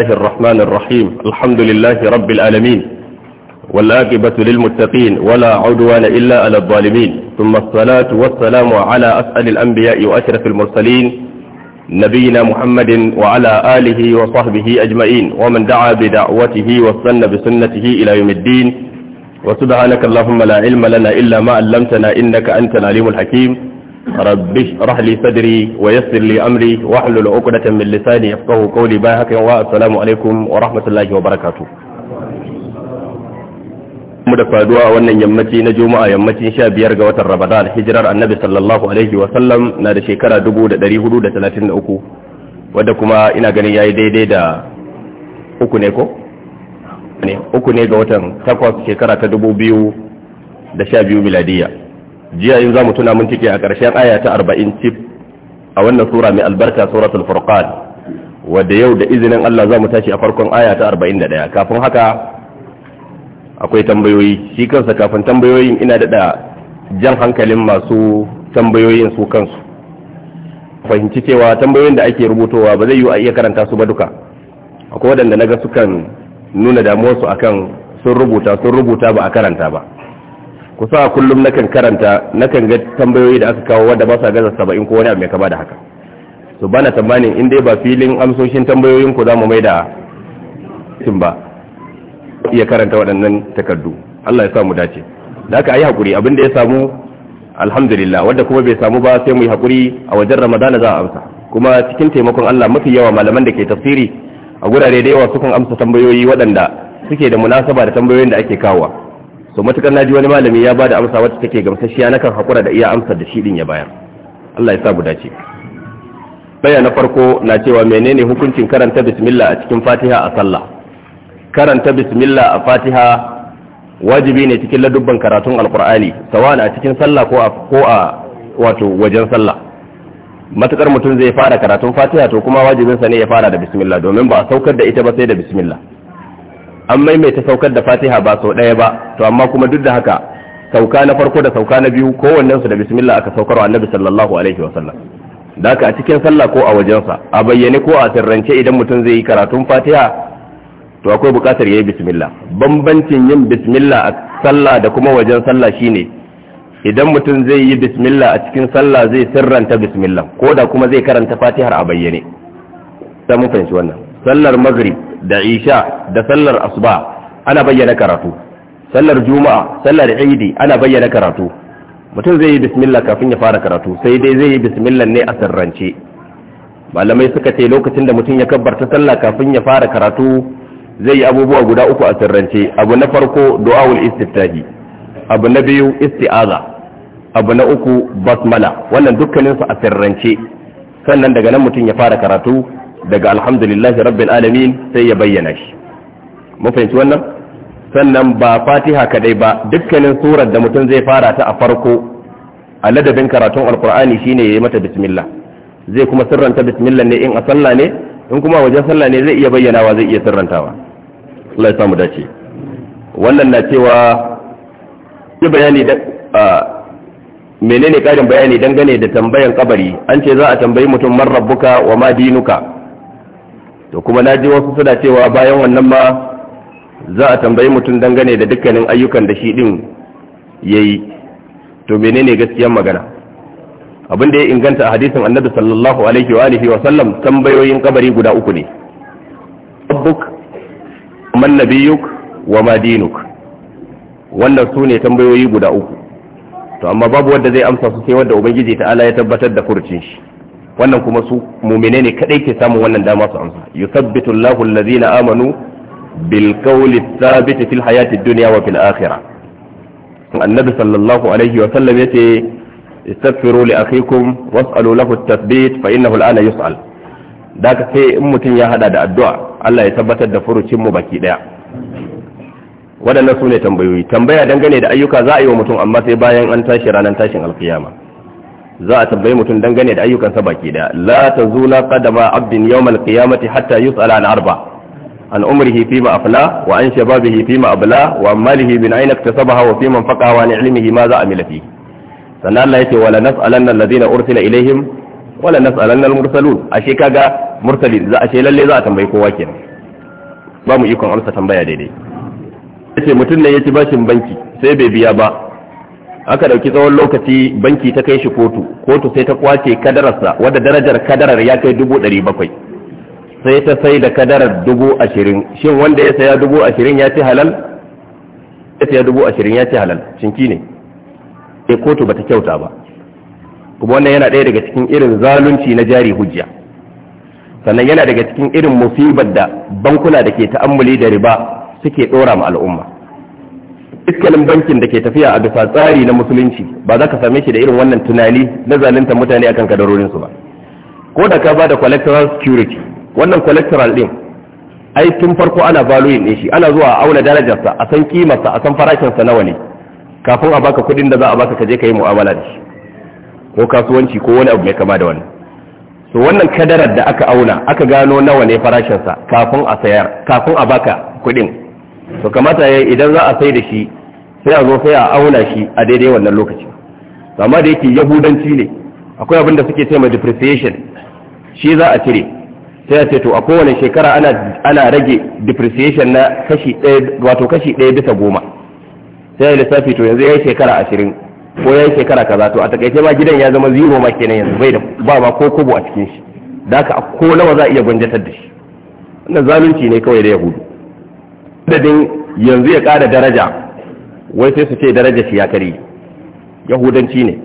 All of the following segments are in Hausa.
الله الرحمن الرحيم الحمد لله رب العالمين والآقبة للمتقين ولا عدوان إلا على الظالمين ثم الصلاة والسلام على أسأل الأنبياء وأشرف المرسلين نبينا محمد وعلى آله وصحبه أجمعين ومن دعا بدعوته واستنى بسنته إلى يوم الدين وسبحانك اللهم لا علم لنا إلا ما علمتنا إنك أنت العليم الحكيم رب اشرح لي صدري ويسر لي امري واحلل عقدة من لساني يفقهوا قولي باهك والسلام عليكم ورحمة الله وبركاته mu da faduwa a wannan yammaci na juma'a yammacin sha biyar ga watan ramadan hijirar annabi sallallahu alaihi wa sallam na da shekara dubu da dari hudu da talatin da uku wadda kuma ina ganin yayi daidai da uku ne ko ne uku ne ga watan takwas shekara ta dubu biyu da sha biyu miladiya jiya yin za mu tuna mun cike a ƙarshen aya ta arbain cif a wannan sura mai albarka suratul furqan wadda yau da izinin Allah za mu tashi a farkon aya ta arba'in da ɗaya kafin haka akwai tambayoyi shi kansa kafin tambayoyin ina da jan hankalin masu tambayoyin su kansu fahimci cewa tambayoyin da ake rubutowa ba zai yiwu a iya karanta su ba duka akwai waɗanda na ga sukan nuna damuwarsu akan sun rubuta sun rubuta ba a karanta ba kusa kullum nakan karanta nakan ga tambayoyi da aka kawo wadda ba sa gaza saba'in ko wani abu mai kaba da haka to ba na tsammanin in dai ba filin amsoshin tambayoyin ku za mu mai da cin ba iya karanta waɗannan takardu Allah ya sa mu dace da haka ayi hakuri abin da ya samu alhamdulillah wanda kuma bai samu ba sai mu yi hakuri a wajen ramadana za a amsa kuma cikin taimakon Allah mafi yawa malaman da ke tafsiri a gurare da yawa sukan amsa tambayoyi waɗanda suke da munasaba da tambayoyin da ake kawo so matukar naji wani malami ya bada amsa wacce take gamsasshiya nakan hakura da iya amsar da shi din ya bayar Allah ya sa guda ce. baya na farko na cewa menene hukuncin karanta bismillah a cikin fatiha a sallah karanta bismillah a fatiha wajibi ne cikin ladubban karatun alkur'ani sawana a cikin sallah ko a ko a wato wajen sallah matukar mutum zai fara karatun fatiha to kuma wajibinsa ne ya fara da bismillah domin ba a saukar da ita ba sai da bismillah an maimaita saukar da fatiha ba sau ɗaya ba to amma kuma duk da haka sauka na farko da sauka na biyu kowannen su da bismillah aka saukar wa annabi sallallahu alaihi sallam da haka a cikin sallah ko a wajensa a bayyane ko a sirrance idan mutum zai yi karatun fatiha to akwai ya yayi bismillah bambancin yin bismillah a sallah da kuma wajen sallah shine idan mutum zai yi bismillah a cikin sallah zai sirranta bismillah ko da kuma zai karanta fatihar a bayyane sai mun fahimci wannan sallar maghrib da isha da sallar asuba ana bayyana karatu sallar juma'a sallar idi ana bayyana karatu mutum zai yi bismillah kafin ya fara karatu sai dai zai yi bismillah ne a sirrance malamai suka ce lokacin da mutum ya kabbarta sallah kafin ya fara karatu zai yi abubuwa guda uku a sirrance abu na farko du'aul istiftahi abu na biyu isti'aza abu na uku basmala wannan dukkanin a sirrance sannan daga nan mutum ya fara karatu daga alhamdulillahi rabbil alamin sai ya bayyana shi mun fahimci wannan sannan ba fatiha kadai ba dukkanin surar da mutum zai fara ta a farko a ladabin karatun alqur'ani shine yayi mata bismillah zai kuma sirranta bismillah ne in a sallah ne in kuma wajen sallah ne zai iya bayyanawa zai iya sirrantawa Allah ya samu dace wannan na cewa yi bayani da menene karin bayani dangane da tambayan kabari an ce za a tambayi mutum man rabbuka wa ma dinuka to kuma na ji wasu suna cewa bayan wannan ma za a tambayi mutum dangane da dukkanin ayyukan da shi din ya yi to menene gaskiyar magana abin da ya inganta a hadisin annabi sallallahu alaihi wa alihi wa sallam tambayoyin kabari guda uku ne rabbuk man nabiyuk wa madinuk wannan su ne tambayoyi guda uku to amma babu wanda zai amsa su sai wanda ubangiji ta'ala ya tabbatar da furcin shi wannan kuma su mumine ne kadai ke samun wannan dama su amsa yusabbitu Allahu allazina amanu bil qawli thabit fil hayati dunya wa fil akhirah annabi sallallahu alaihi wa sallam yace istaghfiru li akhikum was'alu lahu at-tathbit fa innahu al'ana yus'al da sai in mutum ya hada da addu'a Allah ya tabbatar da furucin mu baki daya waɗannan su ne tambayoyi tambaya dangane da ayyuka za a yi wa mutum amma sai bayan an tashi ranar tashin alkiyama za a tambayi mutum dangane da ayyukansa baki da la ta tazula qadama abdin yawmal qiyamati hatta yus'ala an arba an umrihi fima afla wa an shababihi fima abla wa malihi bin aina iktasabaha wa fima faqa wa an ilmihi ma za a amila fi sannan Allah yake wala nas'alanna alladhina ursila ilaihim wala nas'alanna al-mursalun ashe kaga mursali za ashe lalle za a tambayi kowa kenan ba mu ikon amsa tambaya daidai yace mutum ne ya ci bashin banki sai bai biya ba aka dauki tsawon lokaci banki ta kai shi kotu kotu sai ta kwace kadararsa wadda darajar kadarar ya kai dubu ɗari bakwai sai ta sai da kadarar dubu ashirin shin wanda ya saya dubu ashirin ya ci halal ya saya dubu ashirin ya ci halal shinki ne sai eh, kotu bata kyauta ba kuma wannan yana ɗaya daga cikin irin zalunci na jari hujja sannan yana daga cikin irin musibar da bankuna da ke ta'ammuli da riba suke ɗora ma al'umma iskalin bankin da ke tafiya a bisa tsari na musulunci ba za ka same shi da irin wannan tunani na zalunta mutane akan kadarorin su ba ko da ka ba da collateral security wannan collateral din ai tun farko ana valuing ne shi ana zuwa a auna darajarsa a san kimarsa a san farashinsa nawa ne kafin a baka kuɗin da za a baka kaje kai mu'amala da shi ko kasuwanci ko wani abu mai kama da wannan so wannan kadarar da aka auna aka gano nawa ne farashinsa kafin a sayar kafin a baka kuɗin to kamata ya idan za a sai da shi sai a zo sai a auna shi a daidai wannan lokaci amma da yake yahudanci ne akwai abin da suke cewa depreciation shi za a cire sai a ce to a kowane shekara ana ana rage depreciation na kashi ɗaya wato kashi ɗaya bisa goma sai a lissafi to yanzu ya yi shekara ashirin ko ya yi shekara kaza to a takaice ma gidan ya zama zero ma kenan yanzu bai da ba ma ko kobo a cikin shi da haka ko nawa za a iya gwanjatar da shi wannan zalunci ne kawai da yahudu adadin yanzu ya ƙara daraja wai sai su ce daraja shi ya kare yahudanci ne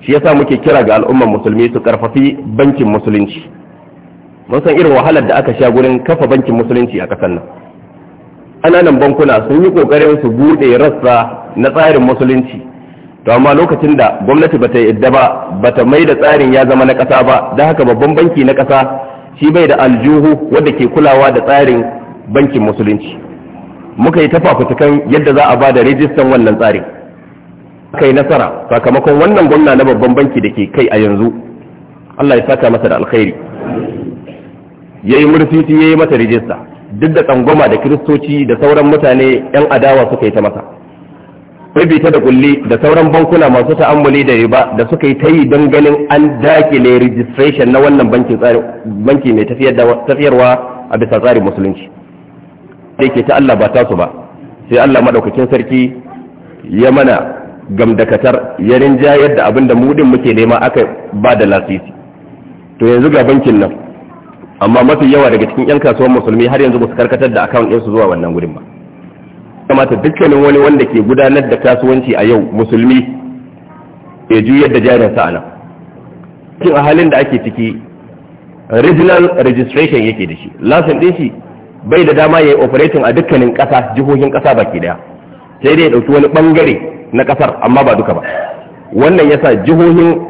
shi yasa muke kira ga al'ummar musulmi su karfafi bankin musulunci mun san irin wahalar da aka sha gurin kafa bankin musulunci a ƙasar nan ƙananan bankuna sun yi ƙoƙarin su buɗe rassa na tsarin musulunci to amma lokacin da gwamnati ba bata yadda ba ba ta mai da tsarin ya zama na ƙasa ba da haka babban banki na ƙasa shi bai da aljuhu wanda ke kulawa da tsarin bankin musulunci muka yi ta fafutukan yadda za a ba da rijistan wannan tsarin aka yi nasara sakamakon wannan gwamna na babban banki da ke kai a yanzu Allah ya saka masa da alkhairi ya yi murfiti ya yi mata rijista duk da tsangwama da kiristoci da sauran mutane 'yan adawa suka yi ta masa ta da kulli da sauran bankuna masu ta'ammuli da riba da suka yi ta yi don ganin an dakile registration na wannan banki mai tafiyarwa a bisa tsarin musulunci da yake ta Allah ba ta su ba sai Allah madaukakin sarki ya mana gamdakatar ya rinja yadda abin da mu din muke nema aka ba da lasisi to yanzu ga bankin nan amma mafi yawa daga cikin 'yan kasuwar musulmi har yanzu ba su karkatar da akawun ɗinsu zuwa wannan gurin ba kamata dukkanin wani wanda ke gudanar da kasuwanci a yau musulmi ya juyar da jarinsa a nan cikin a halin da ake ciki regional registration yake da shi lasin din shi bai da dama ya yi operating a dukkanin ƙasa jihohin ƙasa baki daya sai dai ya ɗauki wani ɓangare na ƙasar amma ba duka ba wannan yasa jihohin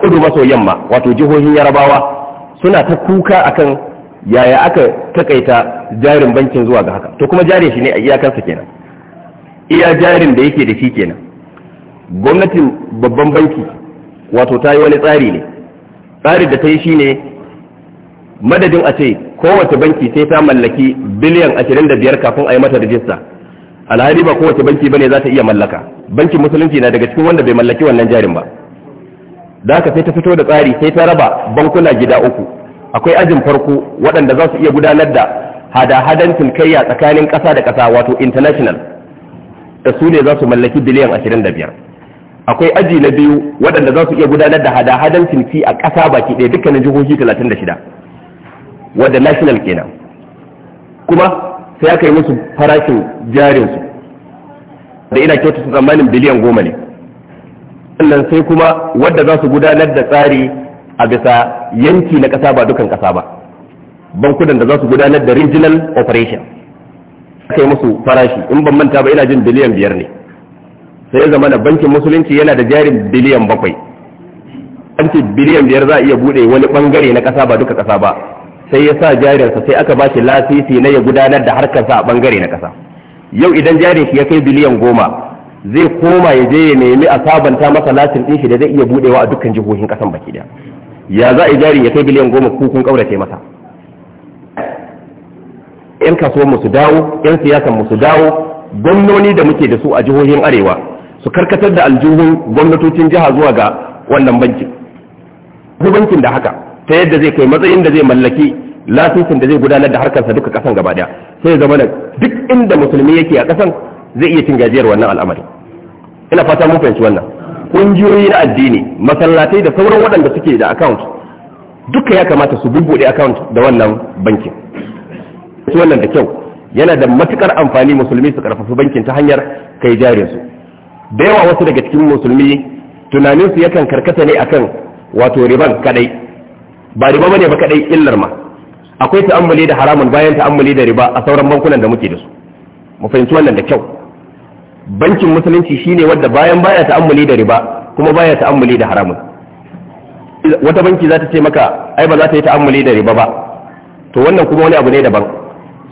kudu maso yamma wato jihohin yarabawa suna ta kuka akan yaya aka takaita jarin bankin zuwa ga haka to kuma jarin shi ne a iyakarsa kenan iya jarin da yake da shi kenan gwamnatin babban banki wato ta yi wani tsari ne tsarin da ta yi shi ne madadin a ce kowace banki sai ta mallaki biliyan 25 kafin a yi mata rijista alhali ba kowace banki bane za ta iya mallaka bankin musulunci na daga cikin wanda bai mallaki wannan jarin ba da haka sai ta fito da tsari sai ta raba bankuna gida uku akwai ajin farko waɗanda za su iya gudanar da hada-hadan cinikayya tsakanin ƙasa da ƙasa wato international da su ne za su mallaki biliyan 25 akwai aji na biyu waɗanda za su iya gudanar da hada-hadan ciniki a ƙasa baki ɗaya dukkanin jihohi 36 wadda national kenan kuma sai aka yi musu farashin jarinsu da ina kyautu su tsammanin biliyan goma ne sannan sai kuma wadda za su gudanar da tsari a bisa yanki na ƙasa ba dukan ƙasa ba bankunan da za su gudanar da regional operation aka yi musu farashi in ban manta ba ina jin biliyan biyar ne sai zama na bankin musulunci yana da jarin biliyan bakwai an biliyan biyar za a iya bude wani bangare na ƙasa ba duka ƙasa ba sai ya sa jarinsa sai aka ba shi lasisi na ya gudanar da harkarsa a bangare na ƙasa yau idan jarin shi ya kai biliyan goma zai koma ya je ya nemi a sabanta masa lasin ɗin shi da zai iya buɗewa a dukkan jihohin ƙasan baki ɗaya ya za a jarin ya kai biliyan goma ko kun ƙaurace masa yan kasuwan mu su dawo yan siyasan mu su dawo gwamnoni da muke da su a jihohin arewa su karkatar da aljihun gwamnatocin jiha zuwa ga wannan bankin bankin da haka ta yadda zai kai matsayin da zai mallaki lasisin da zai gudanar da harkarsa duka kasan gaba daya sai zama da duk inda musulmi yake a kasan zai iya cin gajiyar wannan al'amari ina fata mun fahimci wannan kungiyoyi na addini masallatai da sauran waɗanda suke da account duka ya kamata su bubbuɗe account da wannan bankin su wannan da kyau yana da matukar amfani musulmi su karfafi bankin ta hanyar kai jarin su da yawa wasu daga cikin musulmi tunaninsu yakan karkata ne akan wato riban kadai ba riba bane ba kadai illar ma akwai ta'ammuli da haramun bayan ta'ammuli da riba a sauran bankunan da muke da su mu fahimci wannan da kyau bankin musulunci shine wanda bayan baya ta'ammuli da riba kuma baya ta'ammuli da haramun wata banki za ta ce maka ai ba za ta yi ta'ammuli da riba ba to wannan kuma wani abu ne daban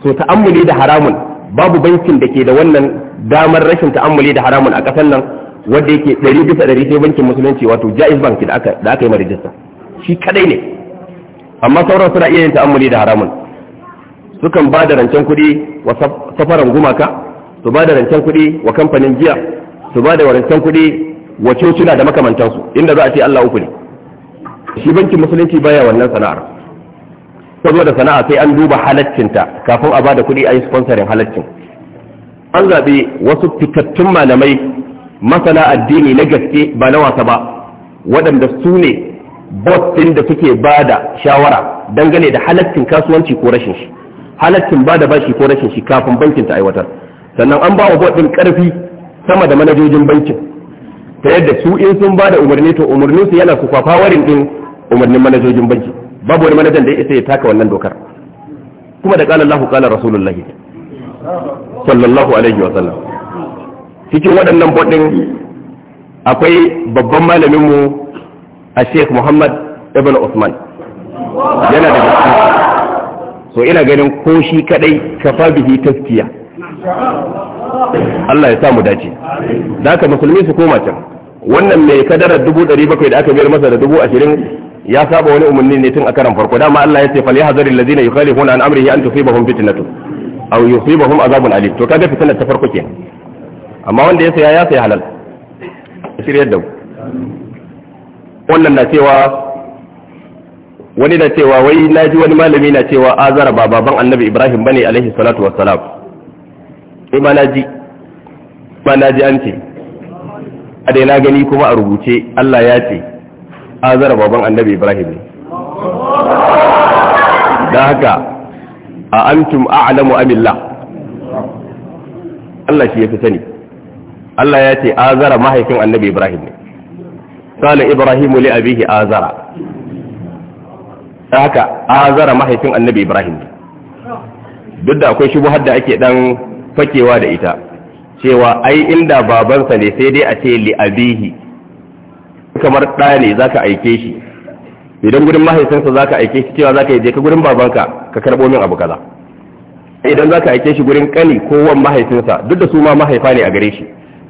so ta'ammuli da haramun babu bankin da ke da wannan damar rashin ta'ammuli da haramun a ƙasar nan wanda yake 100 bisa ɗari sai bankin musulunci wato jaiz bank da aka yi ma rijista shi kadai ne amma sauran suna iya yin ta'ammuli da haramun sukan ba da rancen kuɗi wa safaran gumaka su ba da rancen kuɗi wa kamfanin jiya su ba da rancen kuɗi wa cocina da makamantansu inda za a ce Allah uku ne shi bankin musulunci baya wannan sana'ar saboda sana'a sai an duba halaccinta kafin a ba da kuɗi a yi sponsorin halaccin an zaɓi wasu fitattun malamai masana addini na gaske ba na wasa ba waɗanda su ne bot din da kuke ba da shawara dangane da halaccin kasuwanci ko rashin shi halaccin ba bashi ko rashin shi kafin bankin ta aiwatar sannan an ba wa bot din karfi sama da manajojin bankin ta yadda su in sun ba da umarni to umarnin su yana su kwafa din umarnin manajojin banki babu wani manajan da ya isa ya taka wannan dokar kuma da qala Allahu qala Rasulullah sallallahu alaihi wa sallam cikin waɗannan bot din akwai babban malamin mu a sheikh muhammad ibn usman yana da gaske so ina ganin ko shi kadai kafa bihi taskiya Allah ya sa mu dace da aka musulmi su koma can wannan mai kadarar dubu ɗari bakwai da aka biyar masa da dubu ashirin ya saba wani umarni ne tun a karan farko dama Allah ya ce fal yahzaril ladina yukhalifuna an amrihi an tusibahum fitnatun aw yusibahum azabun alim to kaga fitnar ta farko ke amma wanda ya saya ya saya halal shirye da mu wannan na cewa wani na cewa wai na ji wani malami na cewa azara ba baban annabi ibrahim bane alaihi salatu wassalam sai ma na ji ma na ji an ce a dai na gani kuma a rubuce allah ya ce azara baban annabi ibrahim ne da haka a antum a'lamu amillah allah shi ya fi sani allah ya ce azara mahaifin annabi ibrahim ne ibrahim li لأبيه azara haka azara mahaifin annabi ibrahim duk da akwai shubuhar da ake dan fakewa da ita cewa ai inda babansa ne sai dai a ce li abihi kamar ɗa ne zaka aike shi idan gurin mahaifinsa zaka aike shi cewa zaka je ka gurin babanka ka karbo min abu kaza idan zaka aike shi gurin kani ko wan mahaifinsa duk da su ma mahaifa ne a gare shi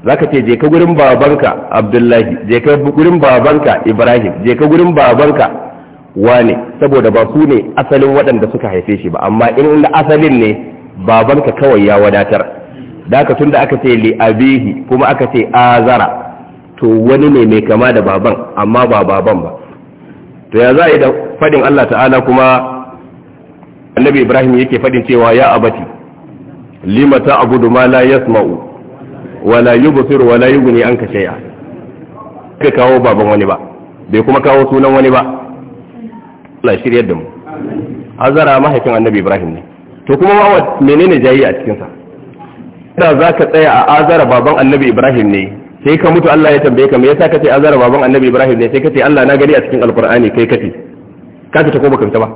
zaka ce je ka gurin babanka abdullahi je ka gurin babanka ibrahim je ka gurin babanka wane saboda ba su ne asalin waɗanda suka haife shi ba amma in da asalin ne babanka kawai ya wadatar da aka tunda aka ce li abihi kuma aka ce azara to wani ne mai kama da baban amma ba baban ba to ya za a yi da faɗin allah ta'ala kuma annabi ibrahim yake faɗin cewa ya abati lima ta abudu ma la yasma'u wala yubsir wala yughni anka shay'a ka kawo baban wani ba bai kuma kawo sunan wani ba Allah shiryar da mu azara mahaifin annabi Ibrahim ne to kuma wawa menene jayi a cikin sa za zaka tsaya a azara baban annabi Ibrahim ne sai ka mutu Allah ya tambaye ka me yasa kace azara baban annabi Ibrahim ne sai kace Allah na gani a cikin alqur'ani kai kace ka ta ko baka fita ba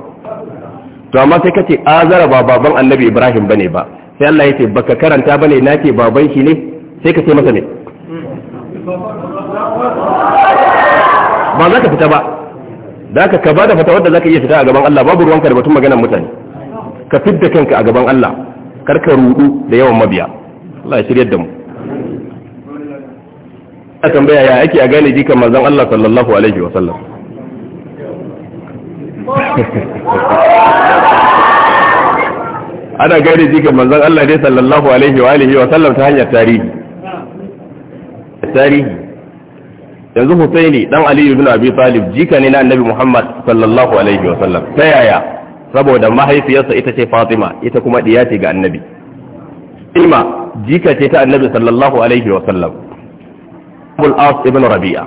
to amma sai kace azara ba baban annabi Ibrahim bane ba sai Allah ya ce baka karanta bane nake baban shi ne sai ka ce masa ne ba za ka fita ba da ka ba da fata wadda za ka iya fita a gaban Allah babu ruwanka da batun maganar mutane ka da kanka a gaban Allah kar ka rudu da yawan mabiya Allah ya shiryar da mu a tambaya ya ake a gane jikan manzon Allah sallallahu alaihi wa sallam ana gane jikan manzon Allah ne sallallahu alaihi wa alihi wa sallam ta hanyar tarihi tarihi yanzu husaini dan ali ibn abi talib jika ne na annabi muhammad sallallahu alaihi wa sallam ta yaya saboda mahaifiyarsa ita ce fatima ita kuma diya ce ga annabi ilma jika ce ta annabi sallallahu alaihi wa sallam abul as ibn rabi'a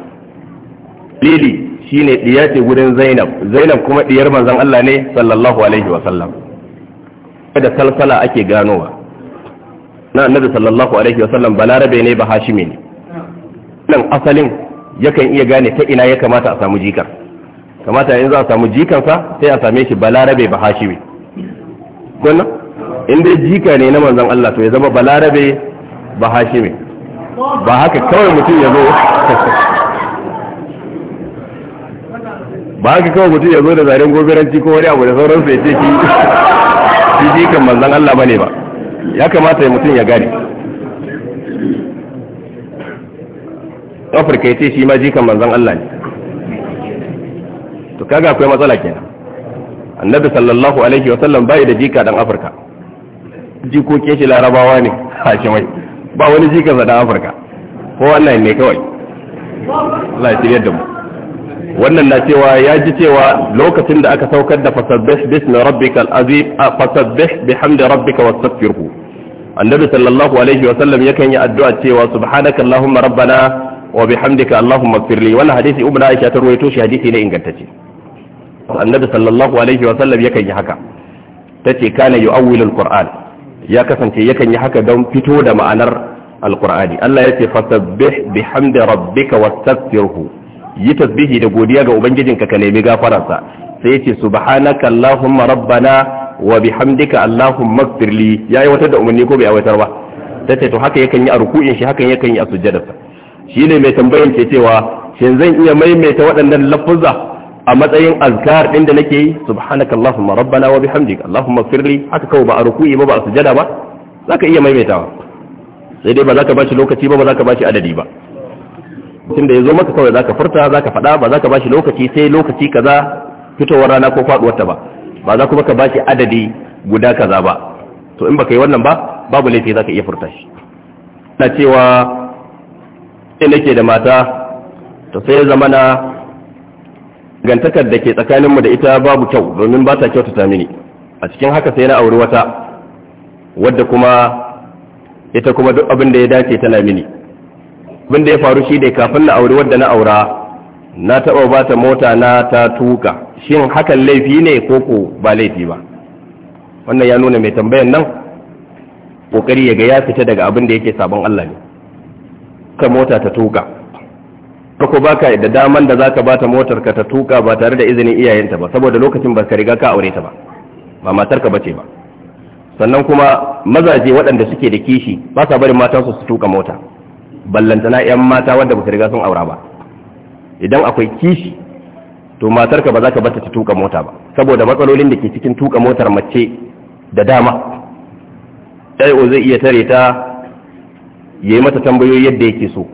lili shine diya ce gurin zainab zainab kuma diyar manzon allah ne sallallahu alaihi wa sallam da salsala ake ganowa na annabi sallallahu alaihi wa sallam balarabe ne ba hashimi ne nan asalin yakan iya gane ta ina ya kamata a samu jikar kamata in za a samu jikansa sai a same shi balarabe ba hashiwi kunna in dai jika ne na manzon Allah to ya zama balarabe ba hashimi ba haka kawai mutum ya zo ba haka kawai mutum ya zo da zaren goberanci ko wani abu da sauransu ya ce shi jikan manzon Allah bane ba ya kamata mutum ya gane afirka ya ce shi ma jikan manzan Allah ne to kaga akwai matsala kenan annabi sallallahu alaihi wa sallam bai da jika dan afirka jikokin shi larabawa ne mai ba wani jikansa dan afirka ko wannan ne kawai Allah ya tsiyar da mu wannan na cewa ya ji cewa lokacin da aka saukar da fasabbih bismi rabbikal azim fasabbih bihamdi rabbika wastaghfirhu annabi sallallahu alaihi wa sallam yakan yi addu'a cewa subhanaka allahumma rabbana wa bihamdika allahumma ighfirli wannan hadisi ibnu aisha ta ruwaito shi hadisi ne ingantacce annabi sallallahu alaihi wa sallam yakan yi haka tace kana yu'awwilu alquran ya kasance yakan yi haka don fito da ma'anar alqur'ani Allah yace fasabbih bihamdi rabbika wastaghfirhu yi tasbihi da godiya ga ubangijinka ka nemi gafararsa sai yace subhanaka allahumma rabbana wa bihamdika allahumma ighfirli yayi wata da umarni ko bai aiwatar ba tace to haka yakan yi a ruku'in shi hakan yakan yi a sujjadarsa shine mai tambayin ke cewa shin zan iya maimaita waɗannan lafuzza a matsayin azkar ɗin da nake yi subhanaka allahumma rabbana wa bihamdika allahumma firli haka kawai ba a ruku'i ba ba a sujada ba zaka iya maimaitawa sai dai ba zaka bashi lokaci ba ba zaka bashi adadi ba tunda yazo maka kawai zaka furta zaka faɗa ba zaka bashi lokaci sai lokaci kaza fitowar rana ko faduwar ta ba ba za kuma ka bashi adadi guda kaza ba to in baka yi wannan ba babu laifi zaka iya furta shi na cewa sai nake da mata to sai zama na gantakar da ke tsakaninmu da ita babu kyau domin ba ta kyautata mini a cikin haka sai na auri wata wadda kuma ita kuma duk abin da ya dace tana mini abin da ya faru shi dai kafin na auri wadda na aura na taɓa ba ta mota na ta tuka shin hakan laifi ne ko ko ba laifi ba wannan ya nuna mai tambayan nan kokari ya ga ya fita daga abin da yake sabon Allah ne ka mota ta tuka ko baka da daman da zaka bata motar ka ta tuka ba tare da izinin iyayenta ba saboda lokacin ba ka riga ka aure ta ba ba matar ka bace ba sannan kuma mazaje waɗanda suke da kishi ba sa barin matan su su tuka mota ballantana yan mata wanda ba su riga sun aura ba idan akwai kishi to matar ka ba za ka bata ta tuka mota ba saboda matsalolin da ke cikin tuka motar mace da dama ɗaya zai iya tare ta ya yi mata tambayoyi yadda yake so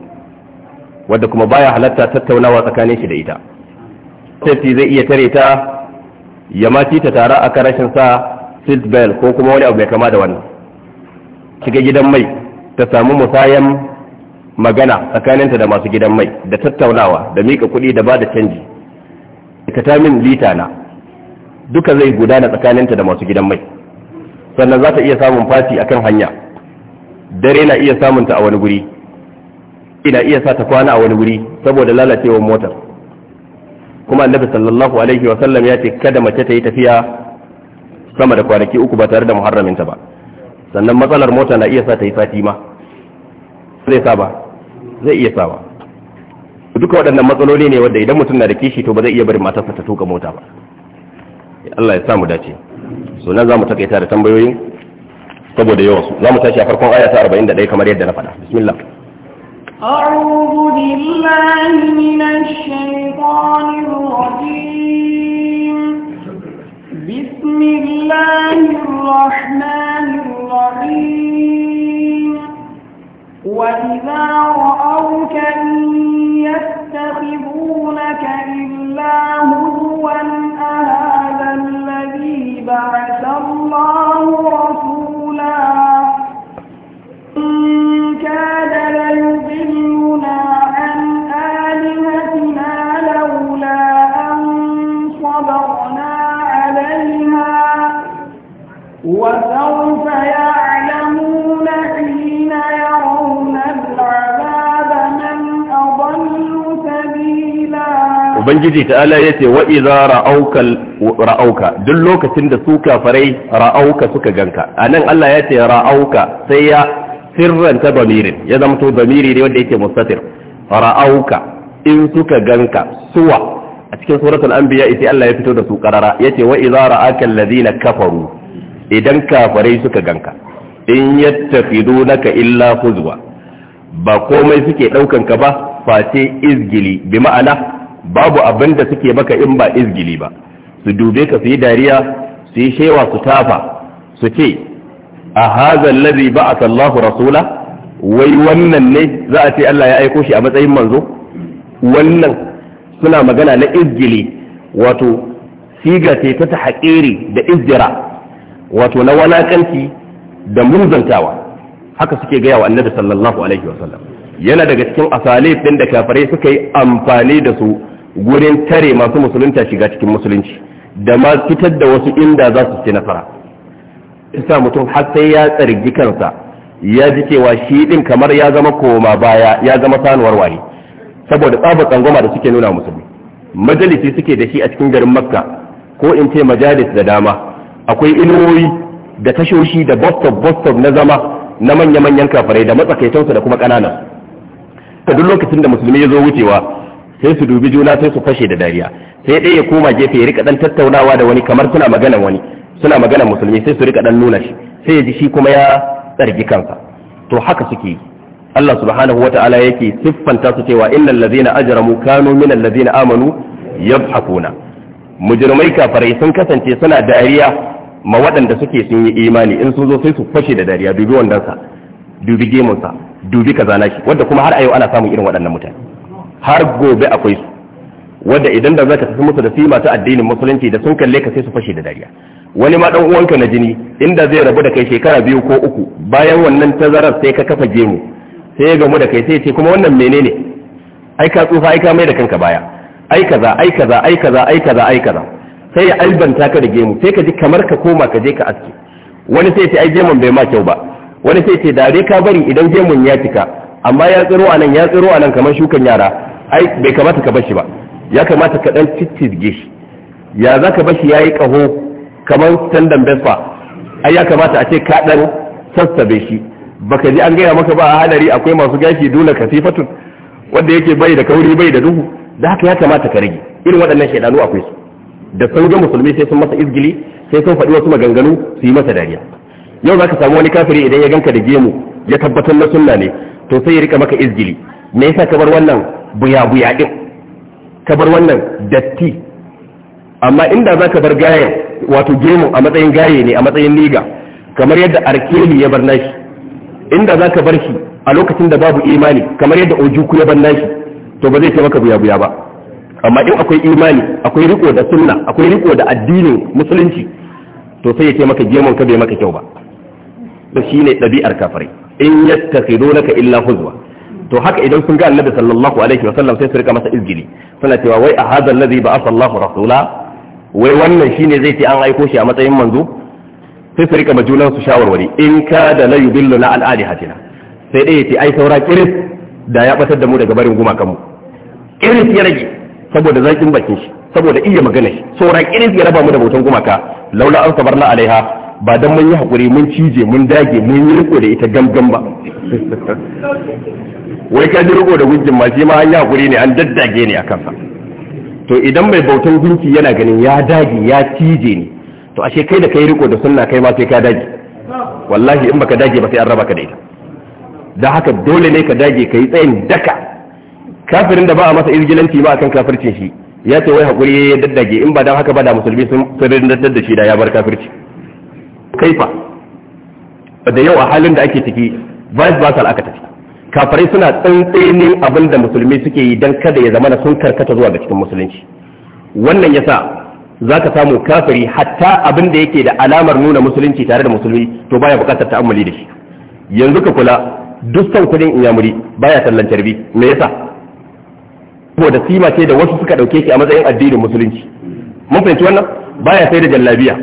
wadda kuma baya halatta tattaunawa tsakanin shi da ita sai zai iya tare ta ya maci ta tara a rashin sa seat bell ko kuma wani abu ya kama da wannan shiga gidan mai ta samu musayan magana tsakaninta da masu gidan mai da tattaunawa da mika kuɗi da ba da canji min lita na duka zai gudana tsakaninta da masu gidan mai sannan za ta iya samun fati akan hanya dare na iya samunta a wani guri ina iya sa ta kwana a wani guri saboda lalacewar motar kuma annabi sallallahu alaihi wa sallam ya ce kada mace ta yi tafiya sama da kwanaki uku ba tare da muharraminta ba sannan matsalar mota na iya sa ta yi sati ma zai sa ba zai iya sa ba duka waɗannan matsaloli ne wanda idan mutum na da kishi to ba zai iya bari matarsa ta tuka mota ba Allah ya sa mu dace sunan za mu takaita da tambayoyin saboda yawan su zamu tashi a farkon aya ta 41 kamar yadda na faɗa bismillah أعوذ بالله من الشيطان الرجيم بسم الله الرحمن الرحيم وإذا رأوك إن يتخذونك إلا هدوا أهذا الذي بعث الله رسولا أَنْ ubangiji ta'ala ya ce wa'iza ra'auka ra'auka duk lokacin da su kafarai ra'auka suka ganka anan Allah ya ce ra'auka sai ya sirranta damirin ya zama to damiri ne wanda yake mustatir ra'auka in suka ganka suwa a cikin suratul anbiya ita Allah ya fito da su karara yace wa idza ra'aka alladhina kafaru idan kafarai suka ganka in yattafidunaka illa huzwa ba komai suke daukan ka ba face izgili bi ma'ana babu abin da suke maka in ba izgili ba su dube ka su yi dariya su yi shewa su tafa su ce a hazan lari ba a sallahu rasula wai wannan ne za a ce Allah ya aiko shi a matsayin manzo wannan suna magana na izgili wato siga ce ta ta haƙeri da izjira wato na walakanci da munzantawa haka suke gaya wa annabi sallallahu alaihi wasallam yana daga cikin asalif ɗin da kafirai suka yi amfani da su gurin tare masu musulunta shiga cikin musulunci da ma fitar da wasu inda za su ci nasara isa mutum har sai ya tsargi kansa ya ji cewa shi din kamar ya zama koma baya ya zama sanuwar waye saboda tsabar tsangwama da suke nuna musulmi majalisi suke da shi a cikin garin makka ko in ce majalis da dama akwai inuwoyi da tashoshi da bostop bostop na zama na manya-manyan kafarai da matsakaitonsu da kuma ƙananan duk lokacin da musulmi ya zo wucewa sai su dubi juna sai su fashe da dariya sai ɗaya ya koma gefe ya rika dan tattaunawa da wani kamar suna magana wani suna magana musulmi sai su rika dan nuna shi sai ya ji shi kuma ya tsargi kansa to haka suke yi Allah subhanahu wata'ala yake siffanta su cewa innal ladzina ajramu kanu minal ladzina amanu yadhakuna mujrimai kafirai sun kasance suna dariya ma waɗanda suke sun yi imani in sun zo sai su fashe da dariya dubi wandansa dubi gemunsa dubi kaza shi wanda kuma har a yau ana samun irin waɗannan mutane har gobe akwai su wanda idan da zaka tafi musu da fima ta addinin musulunci da sun kalle ka sai su fashe da dariya wani ma dan uwanka na jini inda zai rabu da kai shekara biyu ko uku bayan wannan tazarar sai ka kafa gemu sai ya gamu da kai sai ce kuma wannan menene ai ka tsufa ai ka mai da kanka baya ai kaza ai kaza ai kaza ai kaza ai kaza sai ya albanta ka da gemu sai ka ji kamar ka koma ka je ka aske wani sai ce ai gemun bai ma kyau ba wani sai ce dare ka bari idan gemun ya cika amma ya tsiro anan ya tsiro anan kamar shukan yara ai bai kamata ka bashi ba ya kamata ka dan ciccije shi ya za ka bashi yayi kaho kamar tandan bespa ai ya kamata a ce ka dan sassabe shi baka ji an gaya maka ba a hadari akwai masu gashi dole ka sifatun wanda yake bai da kauri bai da duhu da haka ya kamata ka rage irin waɗannan shaidanu akwai su da sauran musulmi sai sun masa izgili sai sun faɗi wasu maganganu su yi masa dariya yau za ka samu wani kafiri idan ya ganka da gemu ya tabbatar na sunna ne to sai ya rika maka izgili me yasa ka bar wannan buya-buya din ka wannan datti amma inda za ka bar gayen wato gemu a matsayin gaye ne a matsayin liga kamar yadda arkeli ya bar nashi inda za ka bar shi a lokacin da babu imani kamar yadda ojuku ya bar nashi to ba zai ce maka buya-buya ba amma in akwai imani akwai riko da sunna akwai riko da addinin musulunci to sai ya ce maka gemun ka bai maka kyau ba to shine ɗabi'ar kafirai in yattakhidunaka illa huzwa to haka idan sun ga annabi sallallahu alaihi wasallam sai su rika masa izgili suna cewa wai a hadha alladhi ba'atha Allahu rasula wai wannan shine zai ce an aiko shi a matsayin manzo sai su rika majulan su shawarwari in ka da la yudillu na al'adihatina sai dai yace ai saura kiris da ya batar da mu daga barin gumakan mu kiris ya rage saboda zakin bakin shi saboda iya magana shi saura kiris ya raba mu da bautan gumaka laula an sabarna alaiha ba dan mun yi hakuri mun cije mun dage mun yi riko da ita gamgam ba wai ka ji riko da gunkin ma shi ma an yakuri ne an daddage ne a kansa to idan mai bautan gunki yana ganin ya dage ya cije ni to ashe kai da kai riko da sunna kai ma sai ka dage wallahi in baka dage ba sai an raba ka da ita da haka dole ne ka dage ka yi tsayin daka kafirin da ba a masa izgilanci ba akan kafircin shi ya ce wai hakuri ya daddage in ba dan haka ba da musulmi sun rindar da shi da ya bar kafirci kaifa da yau a halin da ake ciki vice versa aka tafi kafirai suna tsantsenin abin da musulmi suke yi don kada ya zama sun karkata zuwa ga cikin musulunci wannan ya sa za ka samu kafiri hatta abin da yake da alamar nuna musulunci tare da musulmi to baya bukatar ta'ammuli da shi yanzu ka kula dukkan kudin inyamuri baya tallan carbi me yasa saboda sima ce da wasu suka dauke shi a matsayin addinin musulunci mun fahimci wannan baya sai da jallabiya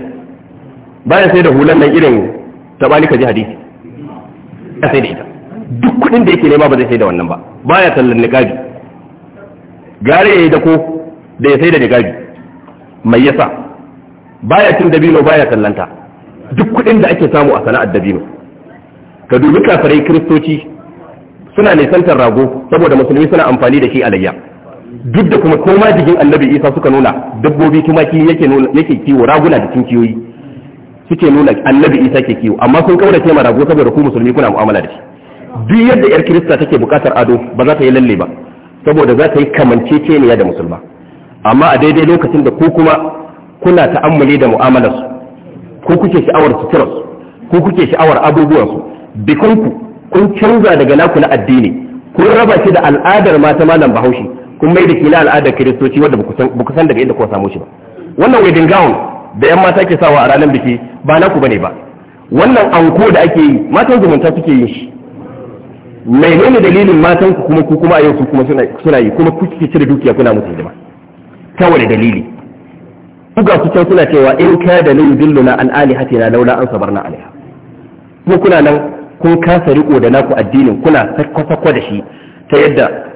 baya sai da hulan nan irin tabani ka ji hadisi sai da ita duk kuɗin da yake nema ba zai sai da wannan ba baya tallan niqabi gare yayi da ko da ya sai da niqabi mai yasa baya cin dabino baya tallanta duk kuɗin da ake samu a sana'ar dabino ka dubi kafirai kristoci suna nisantar rago saboda musulmi suna amfani da shi alayya duk da kuma koma jikin annabi isa suka nuna dabbobi tumaki yake yake kiwo raguna da tinkiyoyi suke nuna annabi isa ke kiwo amma sun ce ma rago saboda ku musulmi kuna mu'amala da shi duk yadda yar kirista take bukatar ado ba za ta yi lalle ba saboda za ta yi kamanceceniya da musulma amma a daidai lokacin da ku kuma kuna ta'ammali da mu'amalarsu ko kuke sha'awar suturarsu ko kuke sha'awar abubuwansu bikonku kun canza daga naku na addini kun raba shi da al'adar mata malam bahaushe kun mai da kila al'adar kiristoci wadda ba ku san daga inda kuka samu shi ba wannan wedding gown da yan mata ke sawa a ranar biki ba naku bane ba wannan anko da ake yi matan zumunta suke yin shi menene dalilin matan ku kuma ku kuma a yau su kuma suna yi kuma kuke cire dukiya kuna musu hidima ta wani dalili ga su can suna cewa in ka da lin dilluna an na laula an sabarna alaiha kuma kuna nan kun kasa riko da naku addinin kuna sakwa da shi ta yadda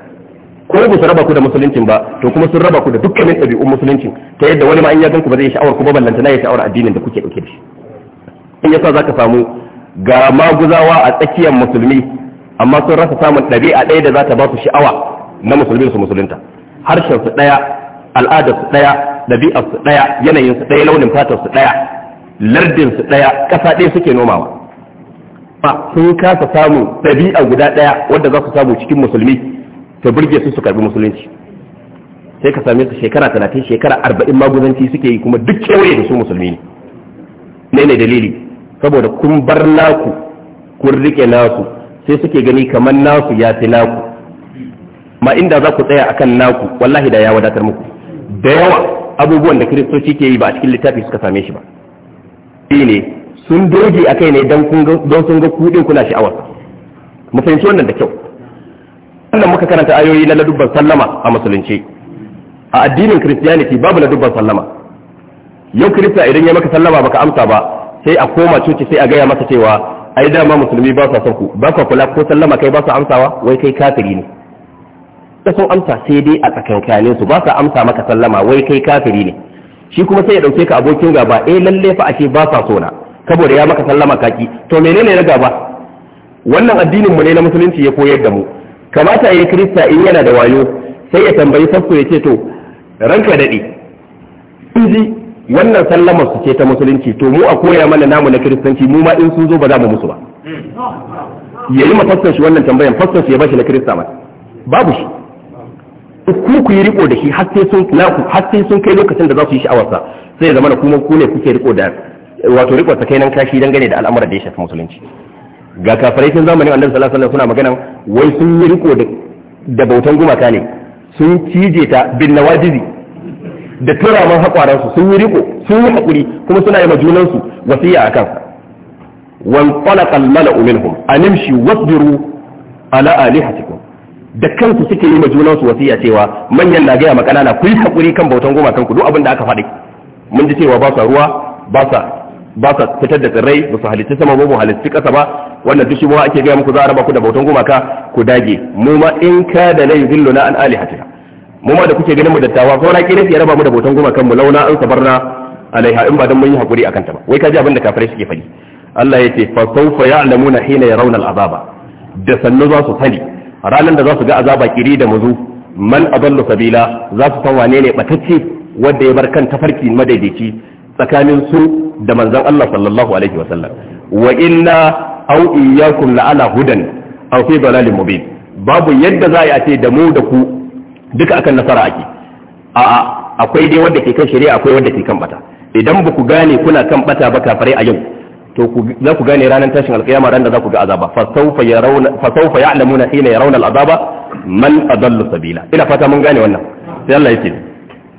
ko ba su raba ku da musuluncin ba to kuma sun raba ku da dukkanin ɗabi'un musuluncin ta yadda wani ma in ya ganku ba zai sha'awar ku ba ballanta na ya sha'awar addinin da kuke ɗauke da shi in yasa zaka samu ga maguzawa a tsakiyar musulmi amma sun rasa samun ɗabi'a ɗaya da za ta ba su sha'awa na musulmi su musulunta harshen su ɗaya al'adar su ɗaya ɗabi'ar su ɗaya yanayin su ɗaya launin fatar su ɗaya lardin su ɗaya ƙasa ɗaya suke nomawa ba sun kasa samu ɗabi'a guda ɗaya wadda za su samu cikin musulmi ta burge su su karbi musulunci sai ka same su shekara talatin shekara arba'in maguzanci suke yi kuma duk kewaye da su musulmi ne ne dalili saboda kun bar naku kun rike nasu sai suke gani kamar nasu ya fi naku ma inda za ku tsaya akan naku wallahi da ya wadatar muku da yawa abubuwan da kiristoci ke yi ba a cikin littafi suka same shi ba shi ne sun doge a kai ne don sun ga kuɗin kuna sha'awar mu fahimci wannan da kyau wannan muka karanta ayoyi na ladubban sallama a musulunci a addinin kiristiyaniti babu ladubban sallama yau kirista idan ya maka sallama baka amsa ba sai a koma coci sai a gaya masa cewa ai dama musulmi ba sa son ku ba sa kula ko sallama kai ba sa amsawa wai kai kafiri ne da sun amsa sai dai a tsakankanin su ba sa amsa maka sallama wai kai kafiri ne shi kuma sai ya dauke ka abokin gaba eh lalle fa ashe ba sa sona saboda ya maka sallama kaki to menene na gaba wannan addinin mu ne na musulunci ya koyar da mu kamata yi kirista in yana da wayo sai ya tambayi sabko ya ce to ranka dade in wannan sallamar su ce ta musulunci to mu a koya mana namu na kiristanci mu ma in sun zo ba za mu musu ba ya yi mafassar shi wannan tambayan fassar shi ya bashi na kirista mai babu shi ku ku yi riko da shi har sai sun har sai sun kai lokacin da za su yi sha'awar sa sai ya zama na kuma ku ne kuke riko da wato riko ta kainan kashi dangane da al'amuran da ya shafi musulunci ga kafirai sun zamanin annabi sallallahu alaihi wasallam suna magana wai sun yi riko da bautan gumaka ne sun cije ta bin nawajizi da turaman su sun yi riko sun yi haƙuri kuma suna yi su wasiya a kansa qalaqal malau minhum animshi wasbiru ala alihatikum da kansu suke yi su wasiya cewa manyan na gaya na ku yi haƙuri kan bautan goma ku duk abin da aka faɗi mun ji cewa ba sa ruwa ba sa ba sa fitar da tsirrai ba su halitta sama ba mu halitta kasa ba wannan duk shi ake gaya muku za a raba ku da bautan gumaka ku dage mu ma in ka da la yuzilluna an alihatina mu ma da kuke ganin mu dattawa ko na kire ya raba mu da botan goma kanmu launa an sabarna alaiha in ba dan mun yi hakuri akan ta ba wai kaji abin da kafirai suke faɗi Allah ya ce fa sawfa ya'lamuna hina yarawna al'azaba da sannu za su sani ranan da za su ga azaba kiri da muzu man adallu sabila za su san wane ne batacce wanda ya bar kan tafarki madaidaici tsakanin su da manzon Allah sallallahu alaihi wa sallam wa inna aw iyyakum la hudan aw fi dalalin mubin babu yadda za a ce da mu da ku duka akan nasara ake a'a akwai dai wanda ke kan shari'a akwai wanda ke kan bata idan ba ku gane kuna kan bata ba kafare a yau to za ku gane ranar tashin alkiyama ranar da za ku ga azaba fa sawfa ya'lamuna hina yarawna al'azaba man adallu sabila ina fata mun gane wannan sai Allah yake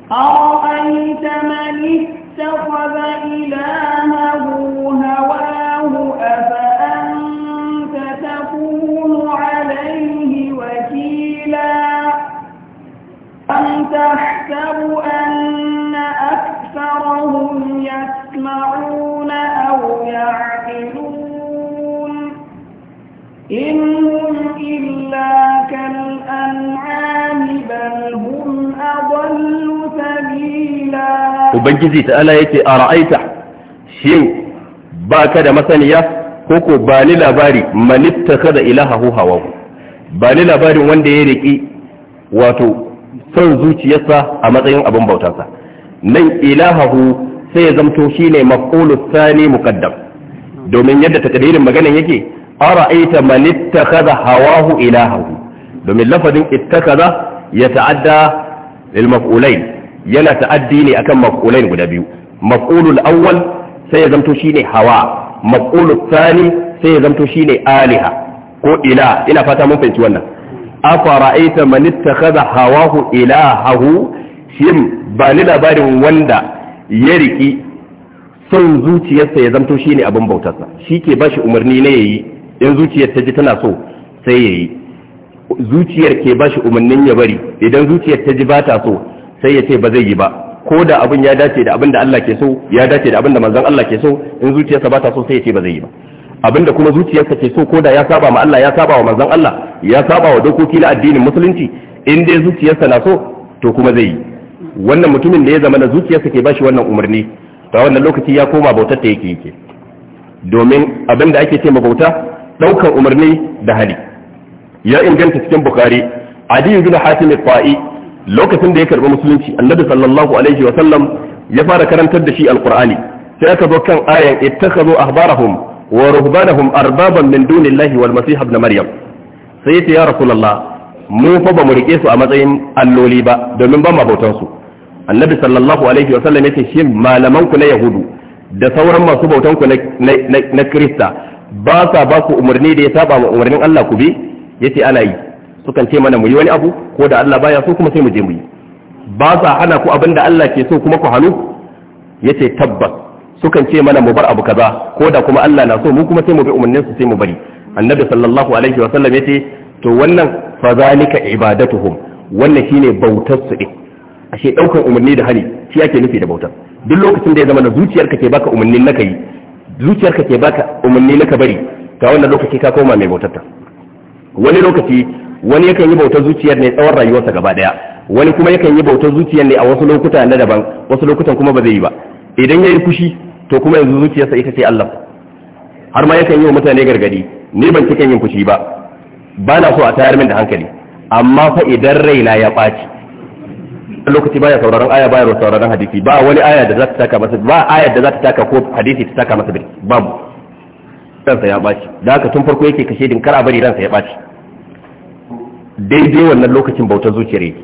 أرأيت من اتخذ إلهه إنهم إلا كالأنعام بل هم أضل سبيلا وبنجزي تعالى يتي أرأيت شيء da masaniya ko ko ba ni labari manitta kada ilahahu ku ba ni labarin wanda ya riki wato son zuciyarsa a matsayin abin bautarsa nan ilahahu sai ya zamto shine maqulus sani mukaddam domin yadda takadirin maganan yake ara'aita man ittakhadha hawahu ilahahu domin lafazin ittakhadha ya ta'adda lil maf'ulain yana ta'addi ne akan maf'ulain guda biyu maf'ulul awwal sai ya zamto shine hawa maf'ulul thani sai ya zamto shine aliha ko ila ina fata mun fahimci wannan afara'aita man ittakhadha hawahu ilahahu shin ba ni labarin wanda ya riki son zuciyarsa ya zamto shine abin bautarsa shi ke bashi umarni ne yayi in zuciyar ta ji tana so sai ya yi zuciyar ke ba shi umarnin ya bari idan zuciyar ta ji ba ta so sai ya ce ba zai yi ba ko da abin ya dace da abin da Allah ke so ya dace da abin da manzon Allah ke so in zuciyarsa ba ta so sai ya ce ba zai yi ba abin da kuma zuciyarsa ke so ko da ya saba ma Allah ya saba wa manzon Allah ya saba wa dokoki na addinin musulunci in dai zuciyarsa na so to kuma zai yi wannan mutumin da ya zama na zuciyarsa ke bashi wannan umarni to wannan lokaci ya koma bautar ta yake yake domin abin da ake ce ma bauta daukar umarni da hali ya inganta cikin bukhari ali gina hatim al lokacin da ya karɓi musulunci annabi sallallahu alaihi wa sallam ya fara karantar da shi alqur'ani sai aka zo kan ayan ittakhadhu ahbarahum wa ruhbanahum arbaban min dunillahi wal masih ibn maryam sai ya ya rasulullah mu fa ba mu rike su a matsayin alloli ba domin ba mabautan su annabi sallallahu alaihi wa sallam yace shi malaman ku na yahudu da sauran masu bautan ku na na krista ba sa ba ku umarni da ya saba wa umarnin Allah ku bi ya ce ana yi sukan ce mana mu yi wani abu ko da Allah baya so kuma sai mu je mu yi ba sa hana ku abin da Allah ke so kuma ku hannu ya ce tabbas sukan ce mana mu bar abu kaza ko da kuma Allah na so mu kuma sai mu bi umarnin su sai mu bari annabi sallallahu alaihi wa sallam yace to wannan fa zalika ibadatuhum wannan shine bautar su din ashe daukar umarni da hali shi ake nufi da bautar duk lokacin da ya zama na zuciyarka ke baka umarnin naka yi zuciyarka ke baka umarni na ka bari ta wannan lokaci ka koma mai bautarta wani lokaci wani yakan yi bautar zuciyar ne tsawon rayuwarsa gaba daya wani kuma yakan yi bautar zuciyar ne a wasu lokuta na daban wasu lokutan kuma ba zai yi ba idan ya yi fushi to kuma yanzu zuciyarsa ita ce Allah har ma yakan yi wa mutane gargadi ni ban cikin yin fushi ba ba na so a tayar min da hankali amma fa idan raina ya ɓaci lokaci baya sauraron aya baya sauraron hadisi ba wani aya da za ta taka masa ba aya da za ta taka ko hadisi ta taka masa birki babu ransa ya baci da haka tun farko yake kashe din kar a bari ransa ya baci daidai wannan lokacin bautar zuciyar yake